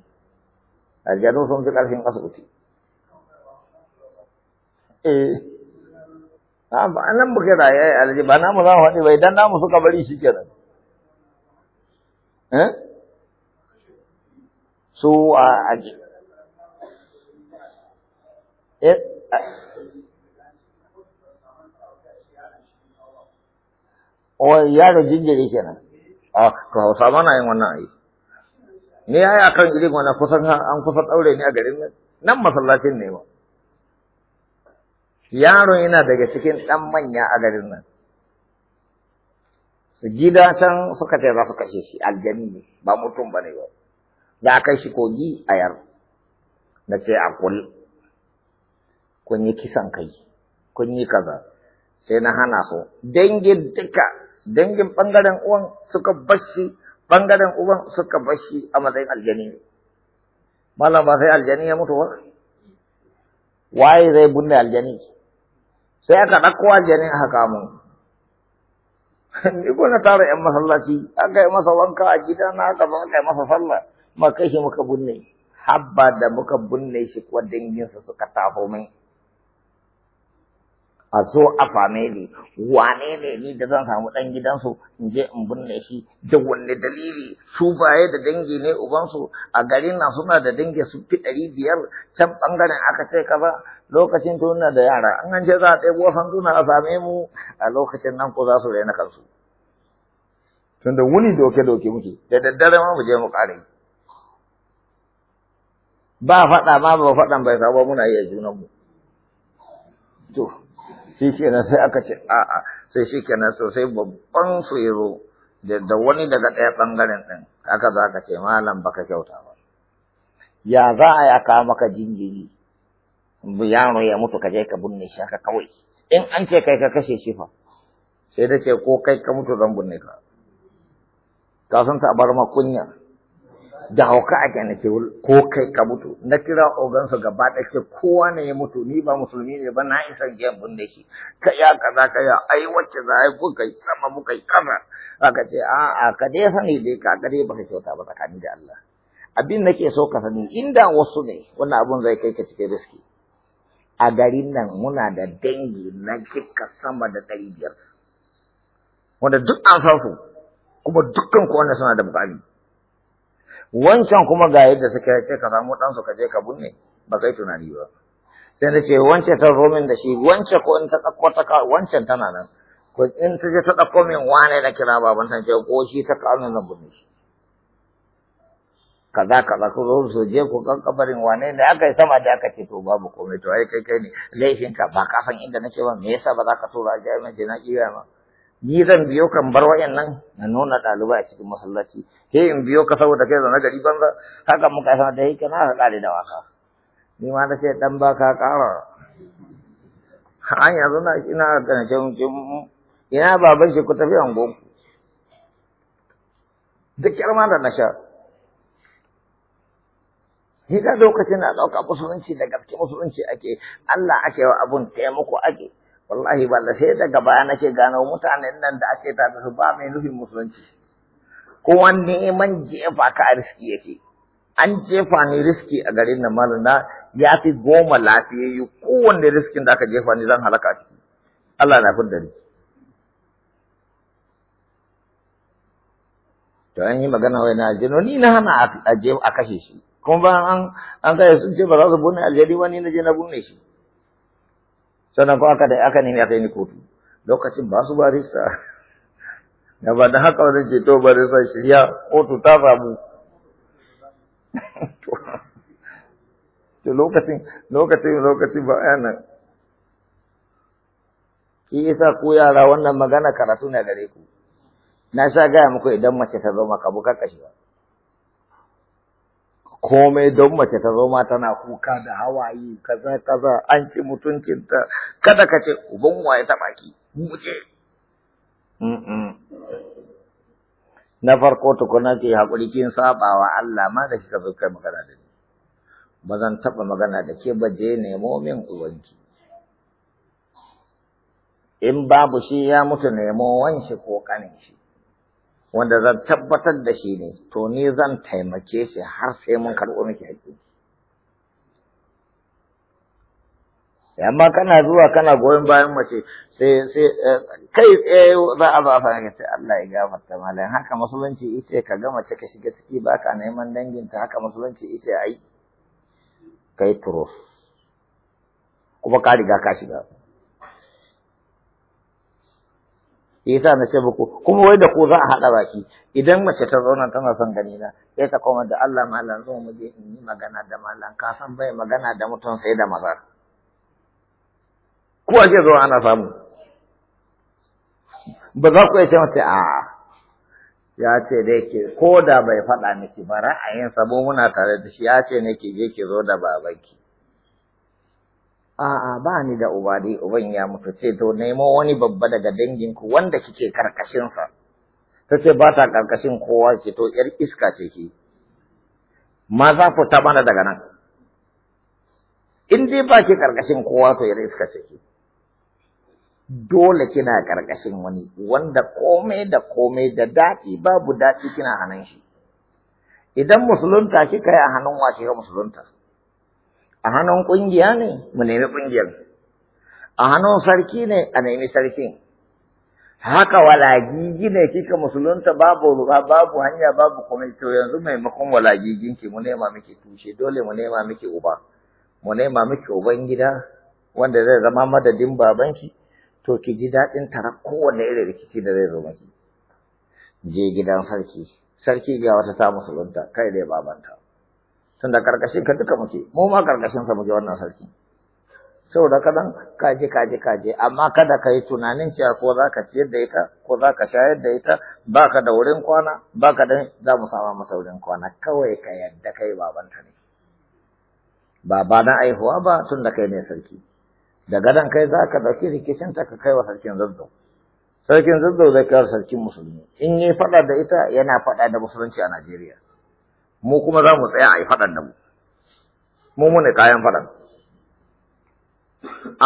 aljanu sun fi karfin asibiti eh a ba nan muke raye alji ba namu za mu faɗi ba idan namu suka bari shi kenan eh so a Wai eh? yaro jinjiri kenan. A ah, Hausa mana yin wannan ayi. ne ya yi a kan irin wani kusan an kusa ɗaure ni a garin nan. Nan masallacin ne ba. Yaron yana daga cikin ɗan manya a garin nan. Gida can suka ce za su kashe shi aljani ne ba mutum ba ne ba. Za a kai shi kogi a yar. Na ce a kulle. kun yi kisan kai kun yi kaza sai na hana su dangin duka dangin bangaren uwan suka bashi bangaren uwan suka bashi a matsayin aljani malam ba sai aljani ya mutu ba waye zai bunne aljani sai aka ɗauko aljani haka mun ni kuma na tara yan masallaci aka yi masa wanka a gida na aka zo aka yi masa sallah ma kai shi muka bunne habba da muka bunne shi kuwa danginsa suka tafo min a zo a fame ni wane ne ni da zan samu dan gidansu in je in binne shi da wanne dalili su baye da dangi ne ubansu a garin nan suna da dangi su fi ɗari biyar can ɓangaren aka ce kaza lokacin tuna da yara an an ce za a ɗebo sanduna a same mu a lokacin nan ko za su raina kansu tunda wuni doke doke muke da daddare ma mu je mu ƙare ba faɗa ma ba faɗan bai sabo muna iya junanmu to shi kenan sai aka ce a'a sai shi kenan sosai babban tsoro da wani daga ɗaya ɓangaren ɗin aka za ka ce malam baka kyauta ba ya za a ya kawo maka jinjiri yaro ya mutu ka je ka binne shi haka kawai in an ce kai ka kashe shi fa sai da ce ko kai ka mutu zan binne ka ka san ta bar ma kunya da hauka a ke ko kai ka mutu na kira ogansu gaba da ke kowa ne ya mutu ni ba musulmi ne ba na isa ga abin da shi ka ya kaza ka ya ai wacce za a yi kuka sama mu kai kafa aka ce a a ka dai sani dai ka ka dai baka kyauta ba tsakani da Allah abin nake so ka sani inda wasu ne wannan abun zai kai ka cike riski a garin nan muna da dangi na kika sama da ɗari biyar wanda duk an san kuma dukkan kowanne suna da bukari wancan kuma ga yadda suka ce ka samu ɗansu ka je ka binne ba sai tunani ba sai da ce wancan ta zo min da shi wance ko in ta ɗauko ta ka wancan tana nan ko in ta je ta ɗauko min wane na kira baban ta ce ko shi ta kawo min zan binne shi kaza kaza ku zo su je ku kan kabarin wane da aka yi sama da aka ce to babu komai to ai kai kai ne laifin ka ba ka san inda nake ba me yasa ba za ka tura jami'a na kiyaye ni zan biyo kan bar wayannan na nuna ɗalibai a cikin masallaci he in biyo ka saboda kai zaune gari banza haka muka san da yake na kare da waka ni ma na ce dan ba ka ƙara an yanzu na ina ganace ina baban shi ku tafi angon duk kyar ma da na sha ni lokacin na ɗauka musulunci da gaske musulunci ake Allah ake wa abun taimako ake wallahi ba da sai daga baya nake gano mutanen nan da ake ta su ba mai nufin musulunci kowa neman jefa ka a riski yake an jefa ni riski a garin nan malam na ya fi goma lafiyayyu kowanne riskin da aka jefa ni zan halaka ciki Allah na fi da to an yi magana wai na ajiyar ni na hana a kashe shi kuma ba an an kai sun ce ba za su bune aljeri wani na je na bune shi sannan ko aka da aka nemi aka yi ni kotu lokacin ba su ba risa da ba da haka wani ce to bari sai shirya kotu ta samu [laughs] to lokacin lokacin lokacin ba 'yana. nan isa yasa ku yara wannan magana karatu ne gare ku na sha gaya muku idan mace ta zo maka buka kashi komai don mace ta zo ma tana kuka da hawaye kaza kaza an ci mutuncinta kada ka ce uban waye ta baki mu ce na farko tukuna ce haƙuri kin sabawa Allah ma da kika zo kai magana da ni ba zan taɓa magana da ke ba je nemo min uwanki in babu shi ya mutu nemo wanshi ko kanin shi wanda zan tabbatar da shi ne to ni zan taimake shi har sai mun karɓo miki haƙƙi amma kana zuwa kana goyon bayan mace sai sai kai tsaye za a zo a fara ce Allah ya gafarta malam haka musulunci ita ka ga mace ka shiga ciki baka neman danginta haka musulunci ita ai kai turo kuma ka riga ka shiga yasa na ce muku kuma wai da ku za a haɗa baki idan mace ta zauna tana son gani na sai ta koma da Allah malam zo mu je in yi magana da malam ka san bai magana da mutum sai da maza ko ake zuwa ana samu ba za ku iya mace a ya ce da yake ko da bai faɗa miki ba ra'ayin sabo muna tare da shi ya ce ne ki je ki zo da babanki a'a ba ni da uba dai uban ya mutu ce to nemo wani babba daga danginku wanda kike karkashin sa ce ba ta karkashin kowa ce to yar iska ce ki ma za ku ta bana daga nan in dai ba ke karkashin kowa to yar iska ce ki dole kina ƙarƙashin wani wanda komai da komai da daɗi babu daɗi kina hannun shi. Idan musulunta kika yi a hannun wa kika musulunta, a hannun ƙungiya ne mu nemi ƙungiyar, a hannun sarki ne a nemi sarkin. Haka walagigi ne kika musulunta babu ruwa babu hanya babu komai to yanzu maimakon walagiginki mu nema miki tushe dole mu nema miki uba, mu nema miki uban gida wanda zai zama madadin babanki. to ki ji daɗin tara kowanne irin rikici da zai zo maki je gidan sarki sarki ga wata ta musulunta kai dai babanta tunda karkashin ka duka muke mu ma karkashin sa muke wannan sarki saboda kadan je, ka je, amma kada ka yi tunanin cewa ko za ka ciyar da ita ko za ka shayar da ita baka da wurin kwana ba ka da za mu sama masa wurin kwana kawai ka yadda kai babanta ne ba ba na aihuwa ba tunda kai ne sarki da gadon kai za ka ɗauki ta ka kai wa sarkin zazzau sarkin zazzau zai kai sarkin musulmi in yi faɗa da ita yana faɗa da musulunci a najeriya mu kuma za mu tsaya a yi faɗan da mu mu mune kayan faɗan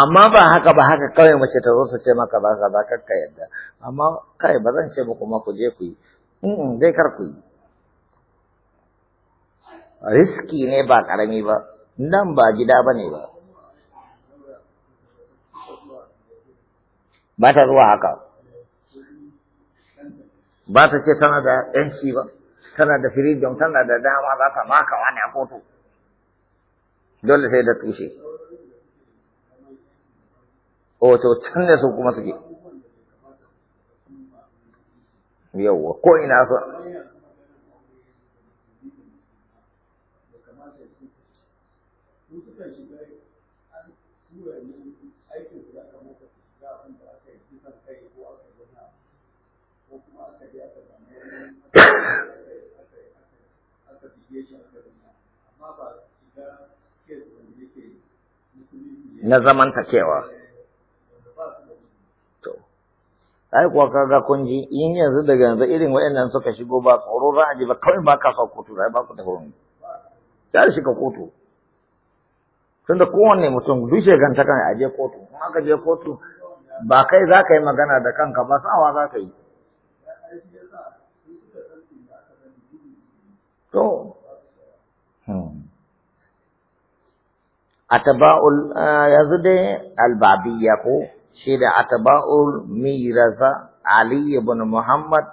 amma ba haka ba haka kawai mace ta zo ta ce maka ba ka za ka yadda amma kai ba zan ce muku ma ku je ku yi in dai kar ku yi riski ne ba karami ba nan ba gida ba ne ba ba ta zuwa haka ba ta ce tana da yanci ba tana da firijin tana da dama za ta maka wani a kotu dole sai da tushe o can ne su kuma suke yauwa ko ina na zamantakewa. To, ai kuwa kaga kun ji in yanzu daga yanzu irin waɗannan suka shigo ba tsoro ji ba kawai ba ka sa kotu ba ku tafi wani. Sai shiga kotu. da kowanne mutum duk shegan ta kan aje kotu, in aka je kotu ba kai za ka yi magana da kanka ba sawa za ka yi. to atba'ul yanzu dai albabiyya ko shi da atba'ul miraza ali ibn muhammad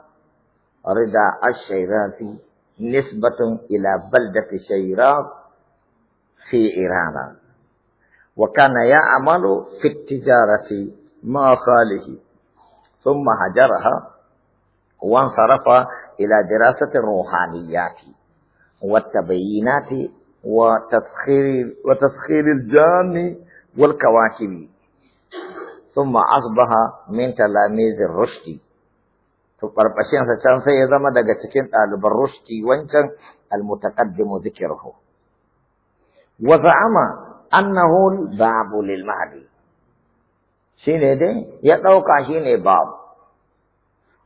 rida ash-shirazi nisbatun ila baldati shayraz fi iran wa kana ya'malu fi tijarati ma khalihi thumma hajaraha وانصرف إلى دراسة الروحانيات والتبينات وتسخير, وتسخير الجان والكواكب ثم أصبح من تلاميذ الرشد تقربشين سي سيزم دقا تكين طالب الرشد وانكن المتقدم ذكره وزعم أنه الباب للمهدي شيني دي يتوقع شيني باب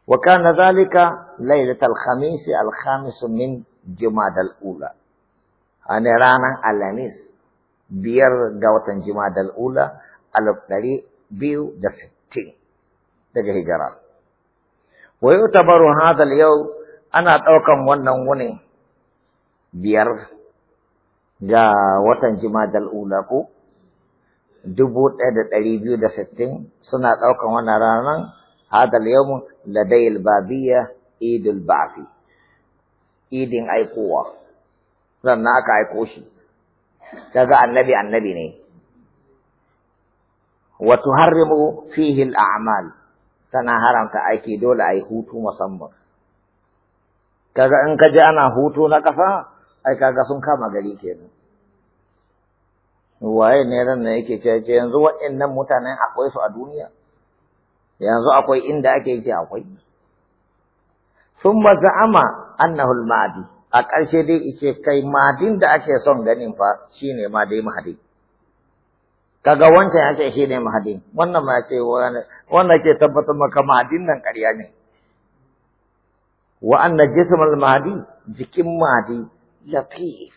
وكان ذلك ليلة الخميس الخامس من Jumadal Ula. ane ranar Al'anis biyar ga watan Jumadal Ula alif ɗari biyu da sittin daga hijira. Wa yau tabaru hadal ana ɗaukan wannan wuni biyar ga watan Jumadal Ula ko dubu ɗaya da ɗari biyu da sittin suna ɗaukan wannan ranar hadal yau ladayil babiya idul ba'fi. idin aikowa sannan aka aiko shi kaga annabi annabi ne wa tuharrimu fihi al-a'mal tana haramta aiki dole ai hutu musamman kaga in kaje ana hutu na kafa ai kaga sun kama gari kenan waye ne ran da yake cewa yanzu waɗannan mutanen akwai su a duniya yanzu akwai inda ake yi akwai Sun za'ama ama al a ƙarshe dai ike kai madin da ake son ganin fa shine ma dai mahadi kaga wancan ya ce shi ne mahadi wannan ma ya ce wanda ke tabbatar maka mahadin nan ƙarya ne wa anna jismal mahdi jikin ya latif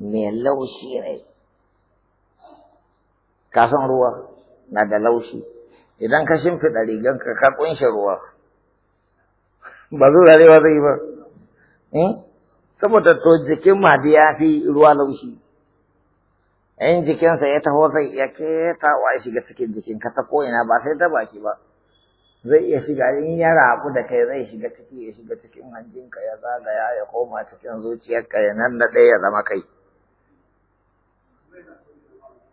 mai laushi ne kasan ruwa na da laushi idan ka shimfiɗa riganka ka ƙunshi ruwa ba ba zai yi ba eh? saboda to jikin mahadi ya fi ruwa laushi in jikinsa ya taho zai iya wa ya shiga cikin jikin ka ta ina ba sai ta baki ba zai iya shiga in ya rabu da kai zai shiga ciki ya shiga cikin hanjinka ya zagaya ya koma cikin zuciyarka ya nan da ɗaya ya zama kai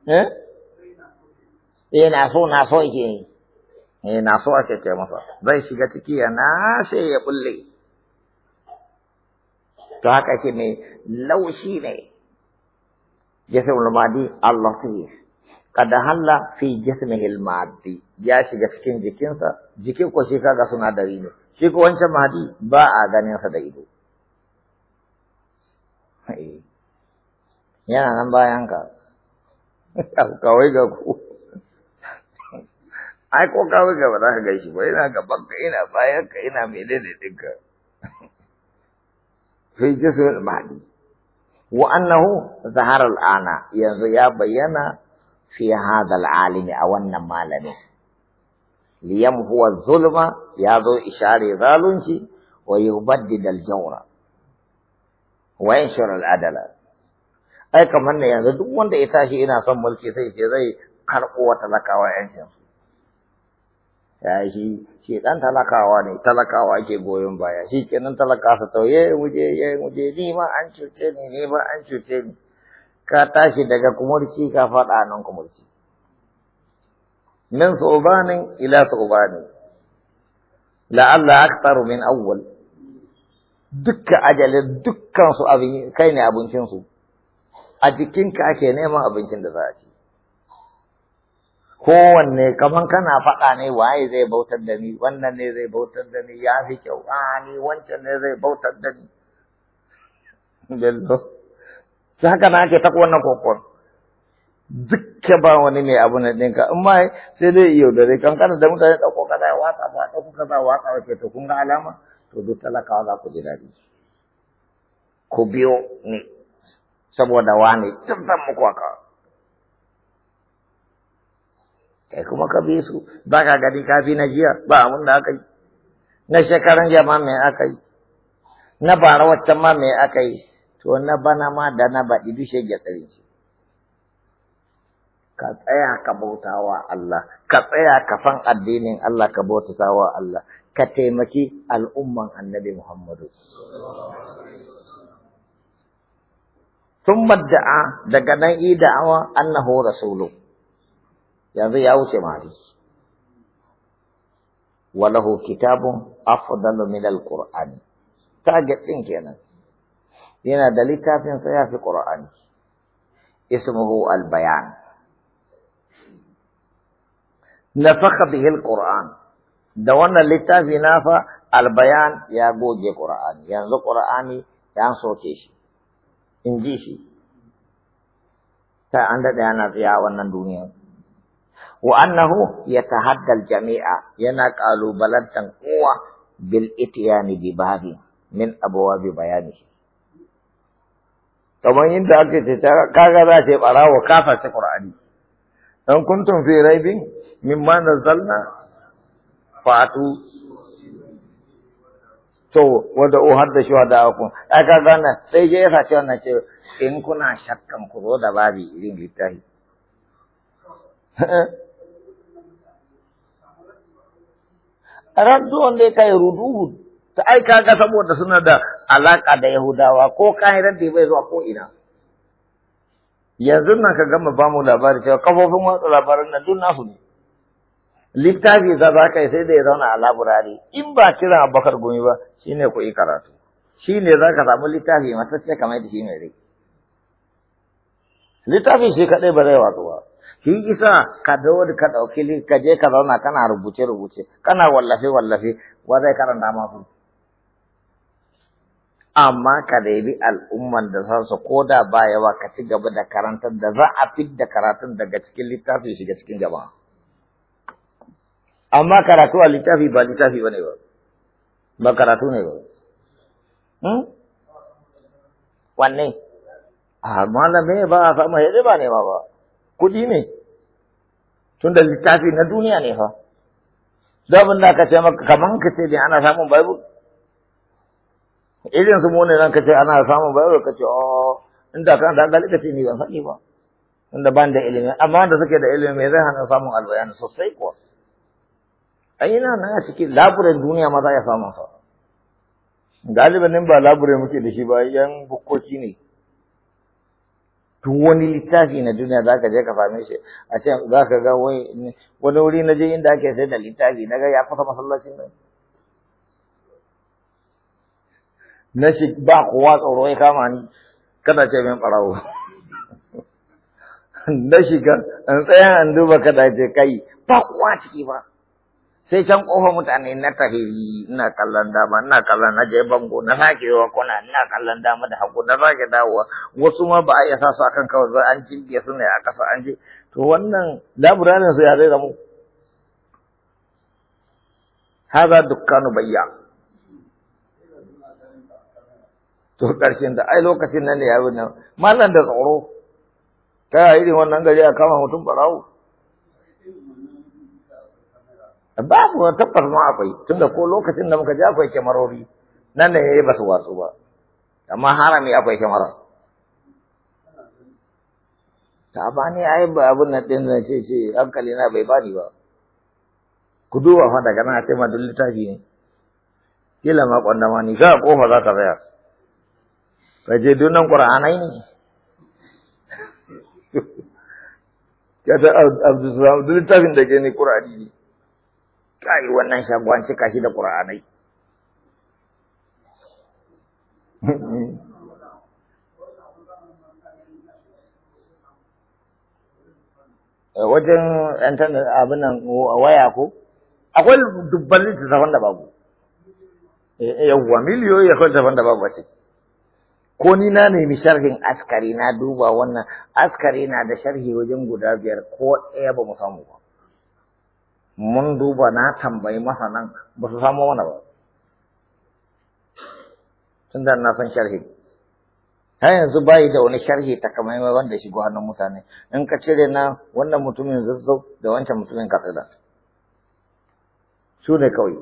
eh yana so na so yake eh na so ake ce masa zai shiga ciki ya nashe ya bulle to haka ke mai laushi ne jasimul Allah al-latif kada halla fi jismihi al ya shiga cikin jikinsa jikin ko shi kaga sunadari ne shi ko wancan madi ba a ganin sa da ido eh. yana nan bayan ka [laughs] kawai ga ku ai ko ka wuce ba za ka gaishe ba ina gaban ka ina bayan ka ina menene dinka sai fi jismin mahdi wa annahu zahara al'ana yanzu ya bayyana fi hadha al'alimi a wannan malami liyam huwa zulma ya zo ishare zalunci wa yubaddid al-jawra wa yanshur al-adala ai kamar ne yanzu duk wanda ya tashi ina son mulki sai ce zai karbo wata talakawa yancin ya shi shi dan talakawa ne talakawa ke goyon baya shi kenan talaka sa tauye muje ye muje ni ma an cuce ni ni ma an cuce ni ka tashi daga kumurci ka fada nan kumurci min subanin ila subani alla akthar min awwal dukkan ajalin dukkan su abin kai ne abincin su a jikinka ake neman abincin da za a ci kowanne kaman kana faɗa ne waye zai bautar da ni wannan ne zai bautar da ni ya fi kyau a ni wancan ne zai bautar da ni sai haka na ake ta wannan kokon dukka ba wani ne abu na ɗinka in ma sai dai iya da kan kana da mutane ɗauko kaza ya watsa ba ɗauko kaza ya watsa wace to kun ga alama to duk talakawa za ku ji daɗi ku biyo ne saboda wani tun zan muku haka kai kuma ka bi su ba ka gani kafi na jiya ba abin da aka yi na shekaran jiya ma me aka yi na bara waccan ma me aka yi to na bana ma da na baɗi dushe ya tsari shi ka tsaya ka bauta wa Allah ka tsaya ka fan addinin Allah ka bauta wa Allah ka taimaki al'umman annabi Muhammadu sun daga nan ادعى دقنا إيدعوا أنه rasulun. yanzu ya wuce mari walahu kitabun afdalu min alqur'ani target din kenan yana da littafin sa yafi qur'ani ismuhu albayan nafakha bihi alqur'an da wannan littafi nafa albayan ya goge qur'ani yanzu qur'ani ya soke shi in ji shi ta an daɗe ana tsaya wannan duniyar wa annahu ya yatahaddal jami'a yana kalubalantan kowa bil itiyani bi babi min abwabi bayani kamar inda ake ce kaga za ta yi barawa kafa ta qur'ani dan kuntum fi raibin mimma nazalna fatu to wanda o har da shiwa da aku ai ka gana sai je yasa ce wannan ce in kuna shakkan ku zo da babi irin littafi [laughs] raddu wanda ya kai ruduhu ta aika ga saboda suna da alaka da Yahudawa ko kahiran da bai zuwa ko ina yanzu nan ka gama bamu labari cewa kafofin watsa labaran nan duk nasu ne littafi za za ka yi sai da ya zauna a laburare in ba kira bakar gumi ba shine ku yi karatu Shi ne za ka samu littafi ce kamar da shi mai rai littafi shi kaɗai ba zai watsu ba shi isa ka dawo ka dauki li ka je ka zauna kana rubuce-rubuce kana wallafe-wallafe wa zai karanta su amma ka daidai al'umman da za su koda ba yawa ka ci gaba da karantar da za a fidda karatun daga cikin littafi shiga cikin gaba amma karatu a littafi ba littafi ba ne ba ba karatu ne ba hmm? wanne a ah, malame ba a samu hede ba ne ma ba kuɗi ne da littafi na duniya ne fa zamun da ka ce maka kaman ka ce ne ana samun bible Idan su mone nan ka ce ana samun bible ka ce oh inda kan da gali ka ce ni ban faɗi ba inda ban da ilimi amma da suke da ilimi zai hana samun albayani sosai kuwa ai na nan a cikin laburin duniya ma za a iya samun sa galibin ba laburen muke da shi ba yan bukkoki ne duk wani littafi na duniya za ka je ka same shi a ce za ka ga wani wuri na je inda ake sai da littafi na ga ya kusa masallacin nan na shi ba kowa tsoro ya kama ni kada ce min ɓarawo [laughs] na shiga an tsaya an duba kada ce kai ba kowa ciki ba sai can kofa mutane na tafi ina kallon dama ina kallon na je bango na sake wa kuna ina kallon dama da hagu na sake dawowa wasu ma ba a iya sasu su akan kawai an jirge su ne a kasa an je to wannan laburanin su ya zai zamo haza dukkanu bayya to karshen da ai lokacin nan ne ya wuce mallan da tsoro ta irin wannan gari a kama mutum barawo babu wata mu akwai tunda ko lokacin da muka ji akwai kyamarori nan da yayi basu wasu ba amma harami akwai kemara ta ba ne ai ba abun nan din nan ce ce hankali na bai bani ba ku duba fa daga nan sai ma duk litafi ne kila ma ma ni ga kofa za ta tsaya ka je dunan qur'anai ne [laughs] kada abdul litafin da ke ni qur'ani ne kai wannan shagwan cika shi da ƙura'anai. [laughs] Wajen ‘yantar abinan waya ko, akwai dubban littattafan da babu, eh, yawwa miliyoyi akwai littattafan da babu a ko ni na nemi sharhin askari na duba wannan askari na da sharhi wajen guda biyar ko ɗaya ba mu samu ba mun duba na tambayi masa nan ba su samu mana ba tun da na san sharhi har yanzu bayi da wani sharhi mai wanda shigo hannun mutane in ka cire na wannan mutumin zazzau da wancan mutumin katsina su ne kawai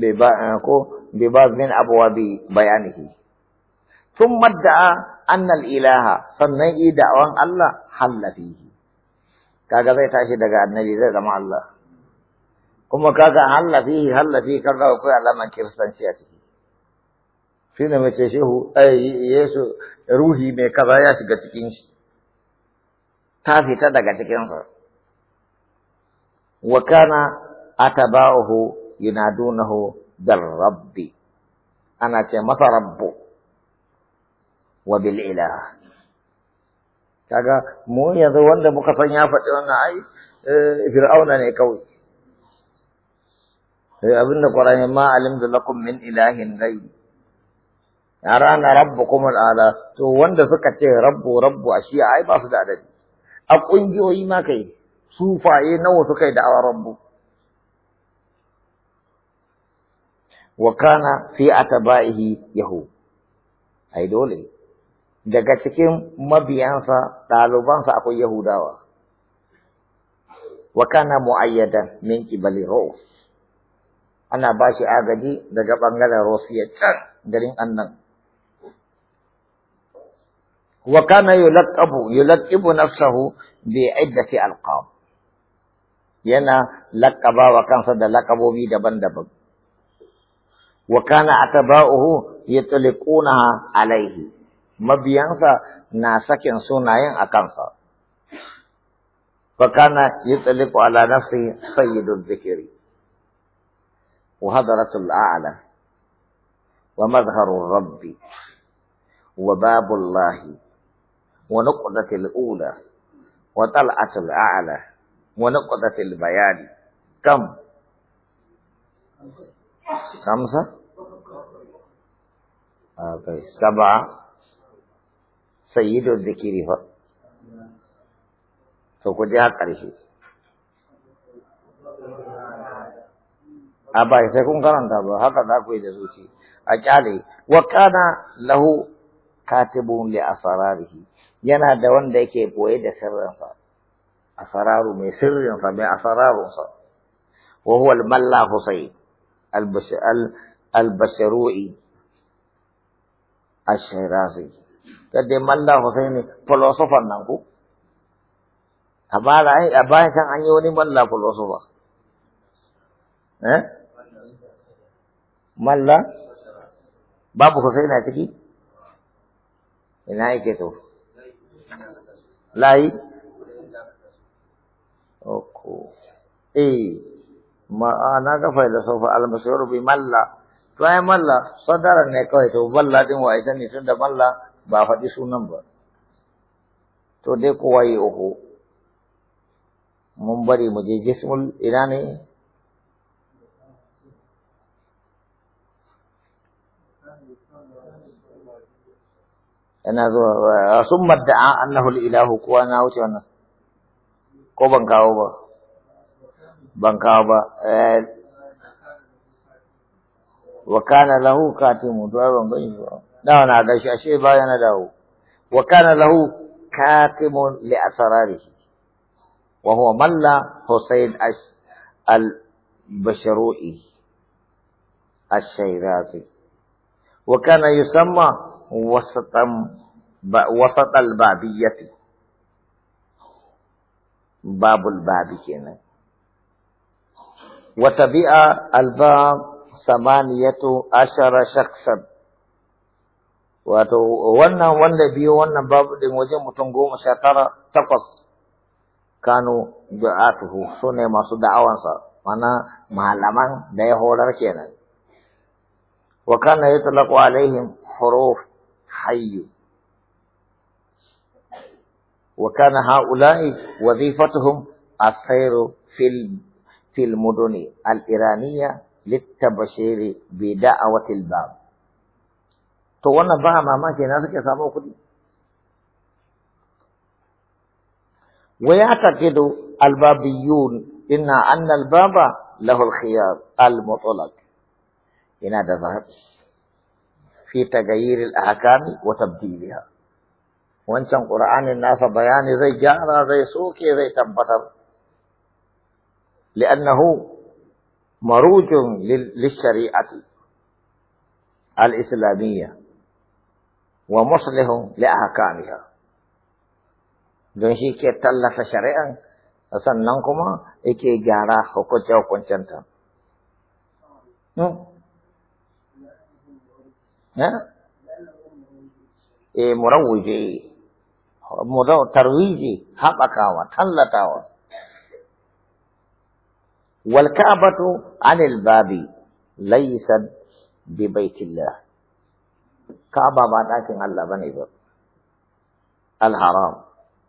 bai ba ko bai ba min abuwa bi bayanihi Tun madda'a. annal ilaha sannan yi da'awan Allah halla fihi kaga zai tashi daga annabi zai zama Allah kuma kaga halla fihi halla fihi kaga akwai alaman kiristanci a ciki shi ne mace shehu ai yesu ruhi mai kaza ya shiga cikin shi ta fita daga cikinsa wa kana ataba'uhu yunadunahu dar rabbi ana ce masa rabbu wa bil ilah kaga mu yanzu wanda muka san ya faɗi wannan ai eh, fir'auna ne kawai sai eh, abinda qur'ani ma alimtu lakum min ilahin ghayr arana rabbukum al'ala to wanda suka ce rabbu rabbu shi ai ba su da adadi a kungiyoyi ma kai sufaye nawa suka yi da'awar rabbu wa kana fi ataba'ihi yahu ai dole daga cikin mabiyansa ɗalibansa akwai Yahudawa. Wa kana mu'ayyadan min qibali Rus. Ana ba shi agaji daga ɓangaren Rusiya can garin annan. Wa kana yulaqabu yulaqibu nafsahu bi iddati alqab. Yana laqaba wa kansa da laqabobi daban-daban. Wa kana atabahu yutliqunaha alaihi. mabiyansa na sakin sunayen a kansa. Fakana yi tsaliku ala nafsi sayidun zikiri, wa hadaratul a'ala, wa mazharun rabbi, wa Lahi, wa nuqdatil ula, wa tal'atul a'ala, wa nuqdatil bayani, kam. Kamsa? Okay, sab'a. sayyidul zikiri fa to ku ji har ƙarshe a ba sai kun karanta ba haka za ku yi da zuci a kyale wa kana lahu katibun li asrarihi yana da wanda yake boye da sirrinsa asararu mai sirrinsa mai asararunsa wa huwa al-malla husayn al-bashir al-bashirui da dai Malla Husaini philosopher nan ku a bara ai a bayan kan an yi wani Malla philosopher eh Malla babu Husaini a ciki ina yake to lai Oko. Eh, ana ah, ga philosopher al-mashhur bi Malla. To Malla sadara ne kawai to Malla din wa ita ne tunda Malla ba faɗi sunan ba to dai kowa yi uku mun bari mu je jismul ina ne Ina zuwa sun an annahu ilahu kuwa na wuce wannan ko ban kawo ba ban kawo ba eh, wa kana lahu katimu to ban gani ba لا شيء شيء باين له وكان له كاتم لأسراره وهو ملا حسين البشروئي الشيرازي وكان يسمى وسط وسط البابية باب الباب هنا وتبيع الباب ثمانية عشر شخصا wato wannan wanda biyo wannan babu din wajen mutum goma sha tara takwas kano du'atuhu su ne masu da'awansa mana malaman da ya horar kenan wa kana yutlaqu alaihim huruf hayyu وكان هؤلاء وظيفتهم السير في في المدن الإيرانية للتبشير بدعوة الباب to wannan ba mamaki na suke samu kudi wa ya'taqidu al-babiyyun inna anna albaba lahu alkhiyar almutlaq al yana da zahab fi tagayir alahkam wa tabdilha wancan qur'anin nasa bayani zai gyara zai soke zai tabbatar لأنه مروج للشريعة الإسلامية ومصلح لأحكامها جنشي كي تلف شرعا أصلا ننكما إكي جارا حقو جو كنشنتا اي مروجي مرو ترويجي حق اكاوا تلتاوا والكعبة عن الباب ليست ببيت الله كعبة بعد الله بني بر الحرام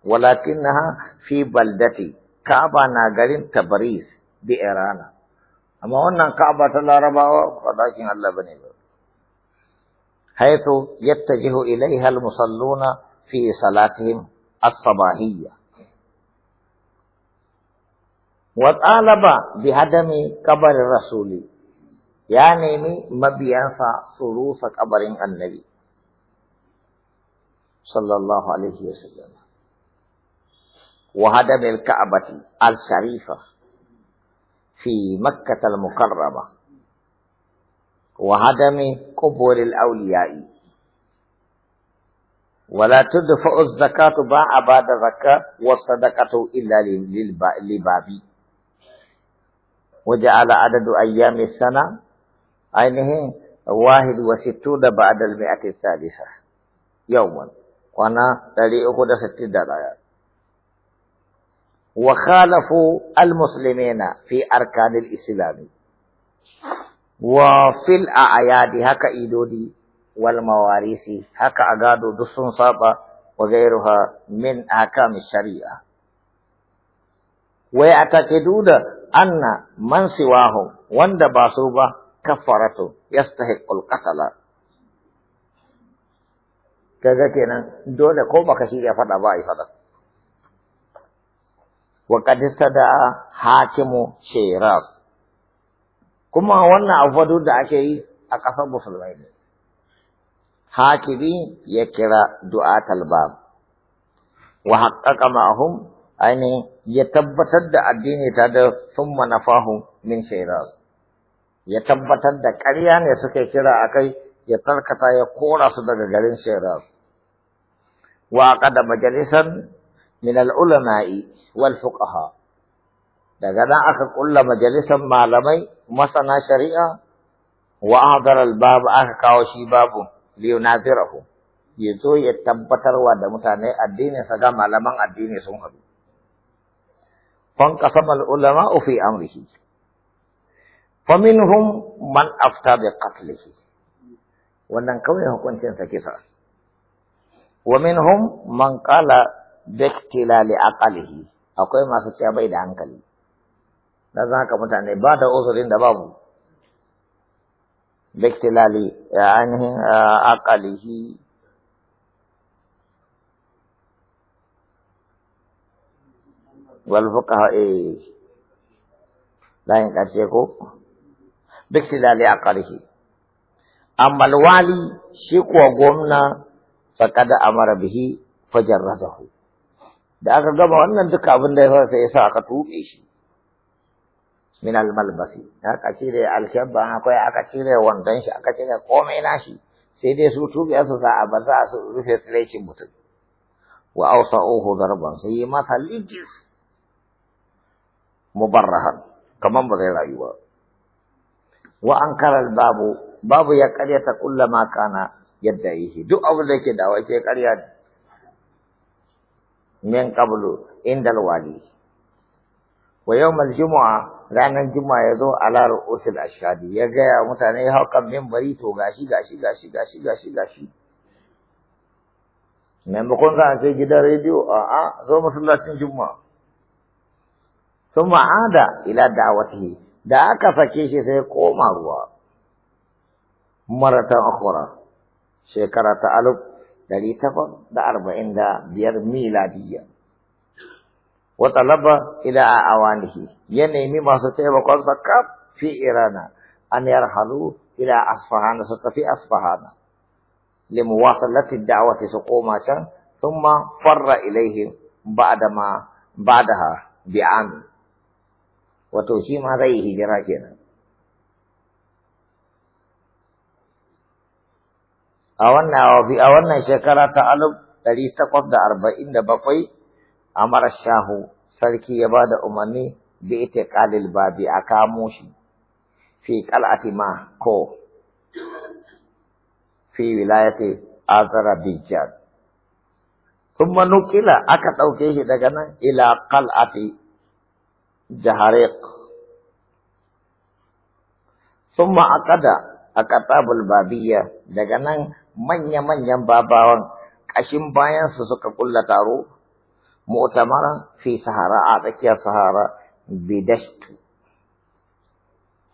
ولكنها في بلدتي كعبة ناقرين تبريز بإيرانا أما هنا كعبة العربة ولكن الله بني بر حيث يتجه إليها المصلون في صلاتهم الصباحية وطالب بهدم قبر الرسول يا نيمي مبيان فا صروفك أبرين النبي صلى الله عليه وسلم وهدم الكعبة الشريفة في مكة المكرمة وهدم قبور الأولياء ولا تدفع الزكاة باع بعد زكاة والصدقة إلا للبابي وجعل عدد أيام السنة عينه واحد وستود بعد المئة الثالثة يوما وانا تالي اخد ستين دلائل وخالفوا المسلمين في أركان الإسلام وفي الأعياد هكا إيدودي والمواريث هكا أقادو دسون صابة وغيرها من أحكام الشريعة ويعتقدون أن من سواهم وندباسوبة kafaratu yastahiqul qatala kaga kenan dole ko baka shi ya fada ba ai fada wa qad istada hakimu shiras kuma wannan abu da ake yi a kasar musulmai ne hakimi ya kira du'atal talba wa haqqaqa ma'hum aini ya tabbatar da addini ta da summa nafahu min shiras ya tabbatar da ƙarya ne suke kira a kai ya tarkata ya kora su daga garin shiraz wa da majalisan min al-ulama'i wal fuqaha daga nan aka kulla majalisan malamai masana shari'a wa hadar al-bab aka kawo shi babu li ya zo ya tabbatarwa da mutane addinin sa ga malaman addini sun haɗu fan qasama al-ulama'u fi amrihi faminhum man afta bi qatlihi wannan kawai hukuncin sa kisa wa minhum man qala bi tilali aqalihi akwai masu cewa bai da hankali dan haka mutane ba da uzurin da babu bi tilali ainihin aqalihi wal fuqaha eh lain kace ko bisilali aqalihi amma wali shi kuwa gwamna a amara bihi fajarradahu da aka gama wannan duka abin da ya fara sai sa aka tuɓe shi min almalbasi aka cire alkyabban akwai aka cire wandon shi aka cire komai nashi sai dai su tuɓe su sa a banza su rufe tsiraicin mutum wa awsa'uhu darban sai yi masa ligis mubarrahan kamar ba zai rayuwa wa karal babu babu ya karyata kulla ma kana yadda yake duk abin da yake dawa yake karya ne min qablu indal wali wa yawmal jumu'a ranar juma'a yazo ala ru'usil ashadi ya gaya mutane ya hauka minbari to gashi gashi gashi gashi gashi gashi ba kun a ce gidan rediyo a'a zo masallacin jumu'a ثم عاد الى دعوته da aka sake shi sai koma ruwa maratan akhura shekara ta alif dari takwas da arba'in da biyar miladiyya wa talaba ila awanihi ya nemi masu taimakon sa kaf fi irana an yar halu ila asfahana su tafi asfahana limuwasalati da'awati su koma can thumma farra ilaihim ba'dama ba'daha bi'an wato shi ma zai hijira kenan a wannan a wannan shekara ta alif ɗari takwas da arba'in da bakwai mara shahu sarki ya ba da umarni bi ita kalil babi a kamo shi fi kal'ati ma ko fi wilayati azrabijan thumma nukila aka ɗauke shi daga nan ila qal'ati akada akata bul أكتاب daga nan manya-manyan babawan ƙashin bayansu suka kulla taro mu'tamara fi sahara a tsakiyar sahara bidashtu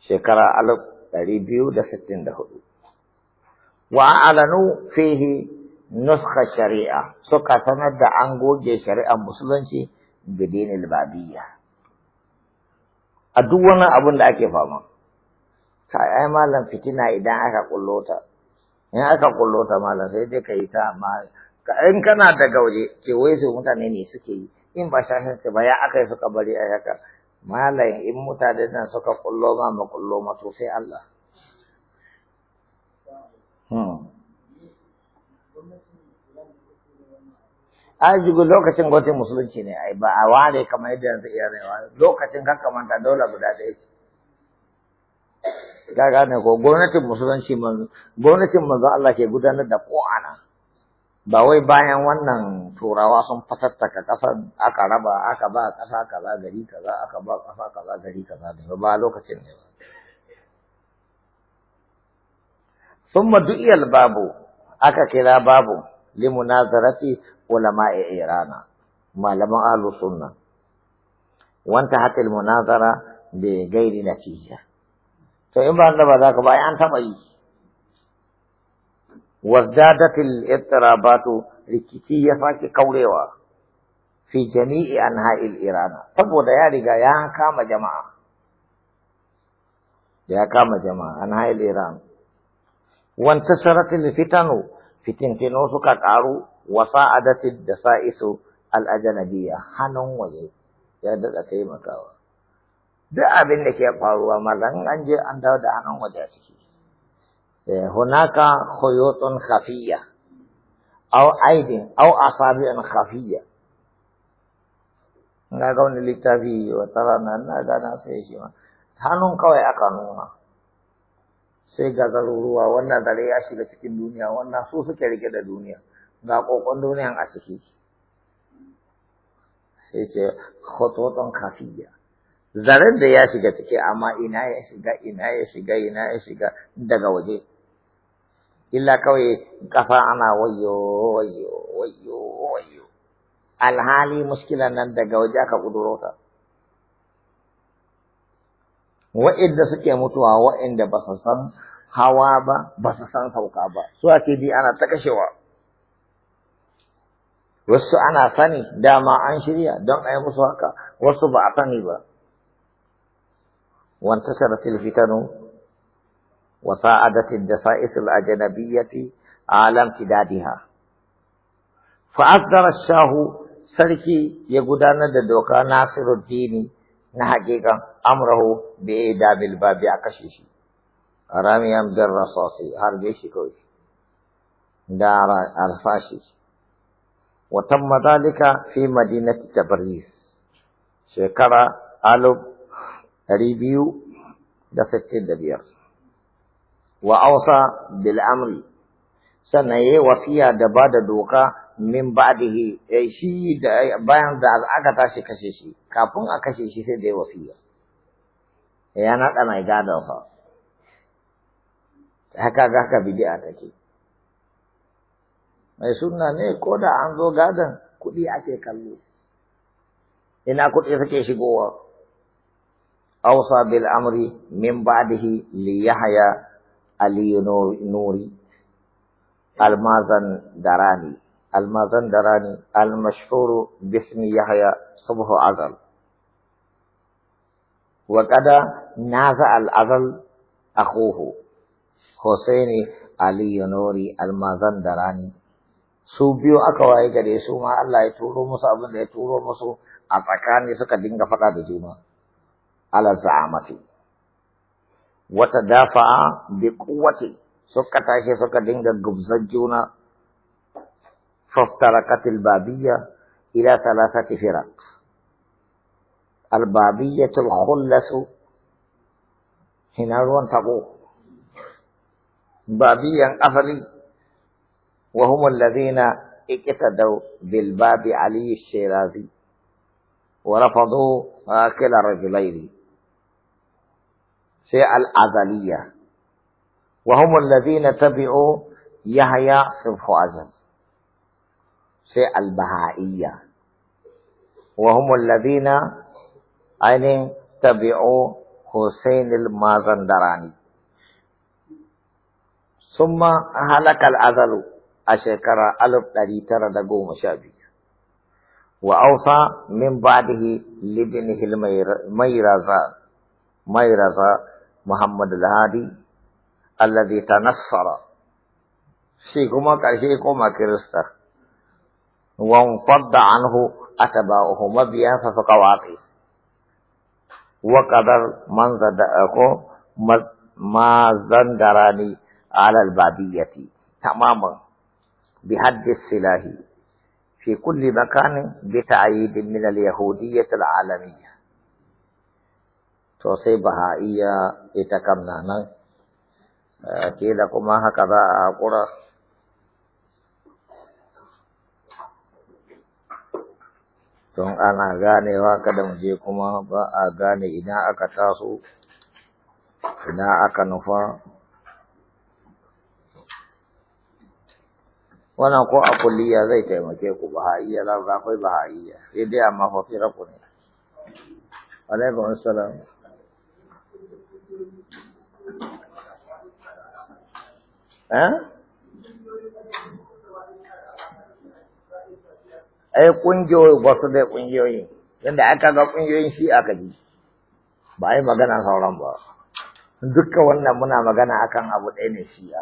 shekara alif ɗari biyu da sittin da hudu wa alanu fihi nuska shari'a suka sanar da an goge shari'ar musulunci bidinil babiyya a duk wani abun da ake fama ka ai malam fitina idan aka kullo ta in aka kullo ta malam sai dai kai ta amma in kana da gauje ke wai su mutane ne suke yi in ba shahin ba ya aka yi suka bari a haka malam in mutane nan suka kullo ma ma kullo ma to sai Allah hmm. ai lokacin gwamnatin musulunci ne ai ba a ware kamar yadda yanzu iya ware lokacin haka manta dole guda ɗaya ce ka gane ko gwamnatin musulunci gwamnatin manzon Allah ke gudanar da ko'ana ba wai bayan wannan turawa sun fasattaka ƙasa, aka raba aka ba ƙasa kaza gari kaza aka ba ƙasa kaza gari kaza da ba lokacin ne ba summa du'iyal babu aka kira babu limunazarati علماء إيران معلم أهل السنة وانتهت المناظرة بغير نتيجة فإن بعد ذاك بأي أن تبعي وازدادت الاضطرابات ركتية فاكي قوليوا في جميع أنحاء الإيران طب يا رجا يا كام جماعة يا كام جماعة أنحاء الإيران وانتشرت الفتن فتنتين وسكت عارو wa sa'adati da sa'isu al'ajanabiya, hannun waje ya daga taimakawa duk abin da ke faruwa mazan an je an dawo da hannun waje a ciki eh, hunaka khuyutun khafiyya aw aidin aw asabi'an khafiyya na ga wani littafi wa rana na ga na sai shi ma hannun kawai aka nuna sai ga garuruwa wannan dare ya shiga cikin duniya wannan su suke rike da duniya ga kokon duniyan a ciki sai ce khututun kafiya. zaren da ya shiga ciki amma ina ya shiga ina ya shiga ina ya shiga daga waje illa kawai kafa ana wayo wayo wayo wayo alhali muskilan nan daga waje aka kuduro ta wa'inda suke mutuwa wa'inda ba su san hawa ba ba sauka ba su ake bi ana ta kashewa wasu ana sani dama an shirya don a yi musu haka wasu ba a sani ba wanta sara filfitanu wasa adatin da sa’isul a janabiyyati a alamki dadiha fa’azdara shahu sarki ya gudanar da doka Nasiru Dini na hakikan amurahu da ya babi a kashe shi a ramiyan birra sosai har da shi kawai da alfashi shi wa tamma dalika fi madinati tabriz shekara alu ribiu da sakke da biyar wa awsa bil amri sana ye wasiya da bada doka min ba'dahi e shi da bayan da aka tashi kashe shi kafin a kashe shi sai da wasiya ya na da mai gado fa haka ga ka bidi'a take mai sunna ne ko da an zo gadon kuɗi ake kallo ina kuɗi suke shigowa أوصى بالأمر من بعده ليحيى علي نوري المازن دراني المازن دراني المشهور باسم يحيى صبح عزل وقد نازع العزل أخوه حسين علي نوري المازن دراني su biyu aka waye gare su ma Allah ya turo musu abin da ya turo musu a tsakani suka dinga faɗa da juna ala za'amati wata dafa'a bi quwwati suka tashi suka dinga gubzar juna faftarakat babiyya ila thalathati firaq al-babiyyatu al-khullasu hina ruwan tabo babiyan asali وهم الذين اقتدوا بالباب علي الشيرازي ورفضوا كلا الرجلين سي الأزلية وهم الذين تبعوا يحيى صنف أزل سي البهائية وهم الذين أين يعني تبعوا حسين المازندراني ثم هلك الأزل a shekara alif ɗari tara da goma sha biyu. Wa ausa min ba'dihi libnihi mairaza mairaza Muhammad al-Hadi alladhi tanassara shi kuma ƙarshe koma Kirista. Wa fadda anhu atabahu mabiya fa suka Wa qadar man ko ma zandarani ala albabiyati tamaman بحد السلاح في كل مكان بتعييد من اليهودية العالمية توصي بهائية اتكمنا آه، كيدا كما هكذا أقول تون أنا غاني وكذا mu je kuma إنا a gane wannan ko a kulliya zai taimake ku ba iya za ba kai ba iya sai dai amma fa fira ku ne alaikum assalam eh ai kungiyoyi ba su da kungiyoyi yanda aka ga kungiyoyin shi aka ji ba ai magana sauran ba dukkan wannan muna magana akan abu ɗaya ne shi ya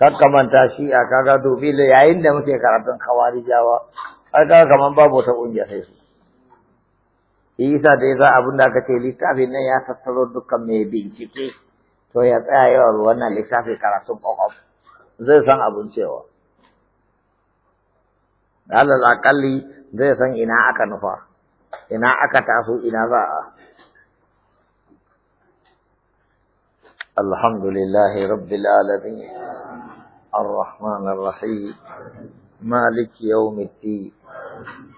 kaka manta shi a kaga dubi da yayin da muke karatun khawarijawa ai kaga kaman babu wata kungiya sai su isa da isa abin da aka ce littafin nan ya tattaro dukkan mai bincike to ya tsaya yawa wannan littafin karatun kokof zai san abin cewa alal akalli zai san ina aka nufa ina aka taso ina za a alhamdulillahi rabbil alamin الرحمن الرحيم مالك يوم الدين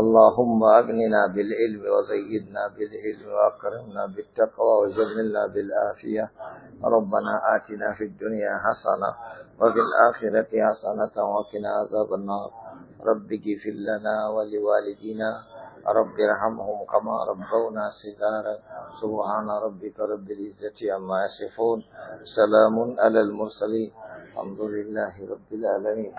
اللهم أغننا بالعلم وزيدنا بالعلم وأكرمنا بالتقوى وجملنا بالآفية ربنا آتنا في الدنيا حسنة وفي الآخرة حسنة وقنا عذاب النار رب اغفر لنا ولوالدينا رب ارحمهم كما ربونا صغارا سبحان ربك رب العزة عما يصفون سلام على المرسلين الحمد لله رب العالمين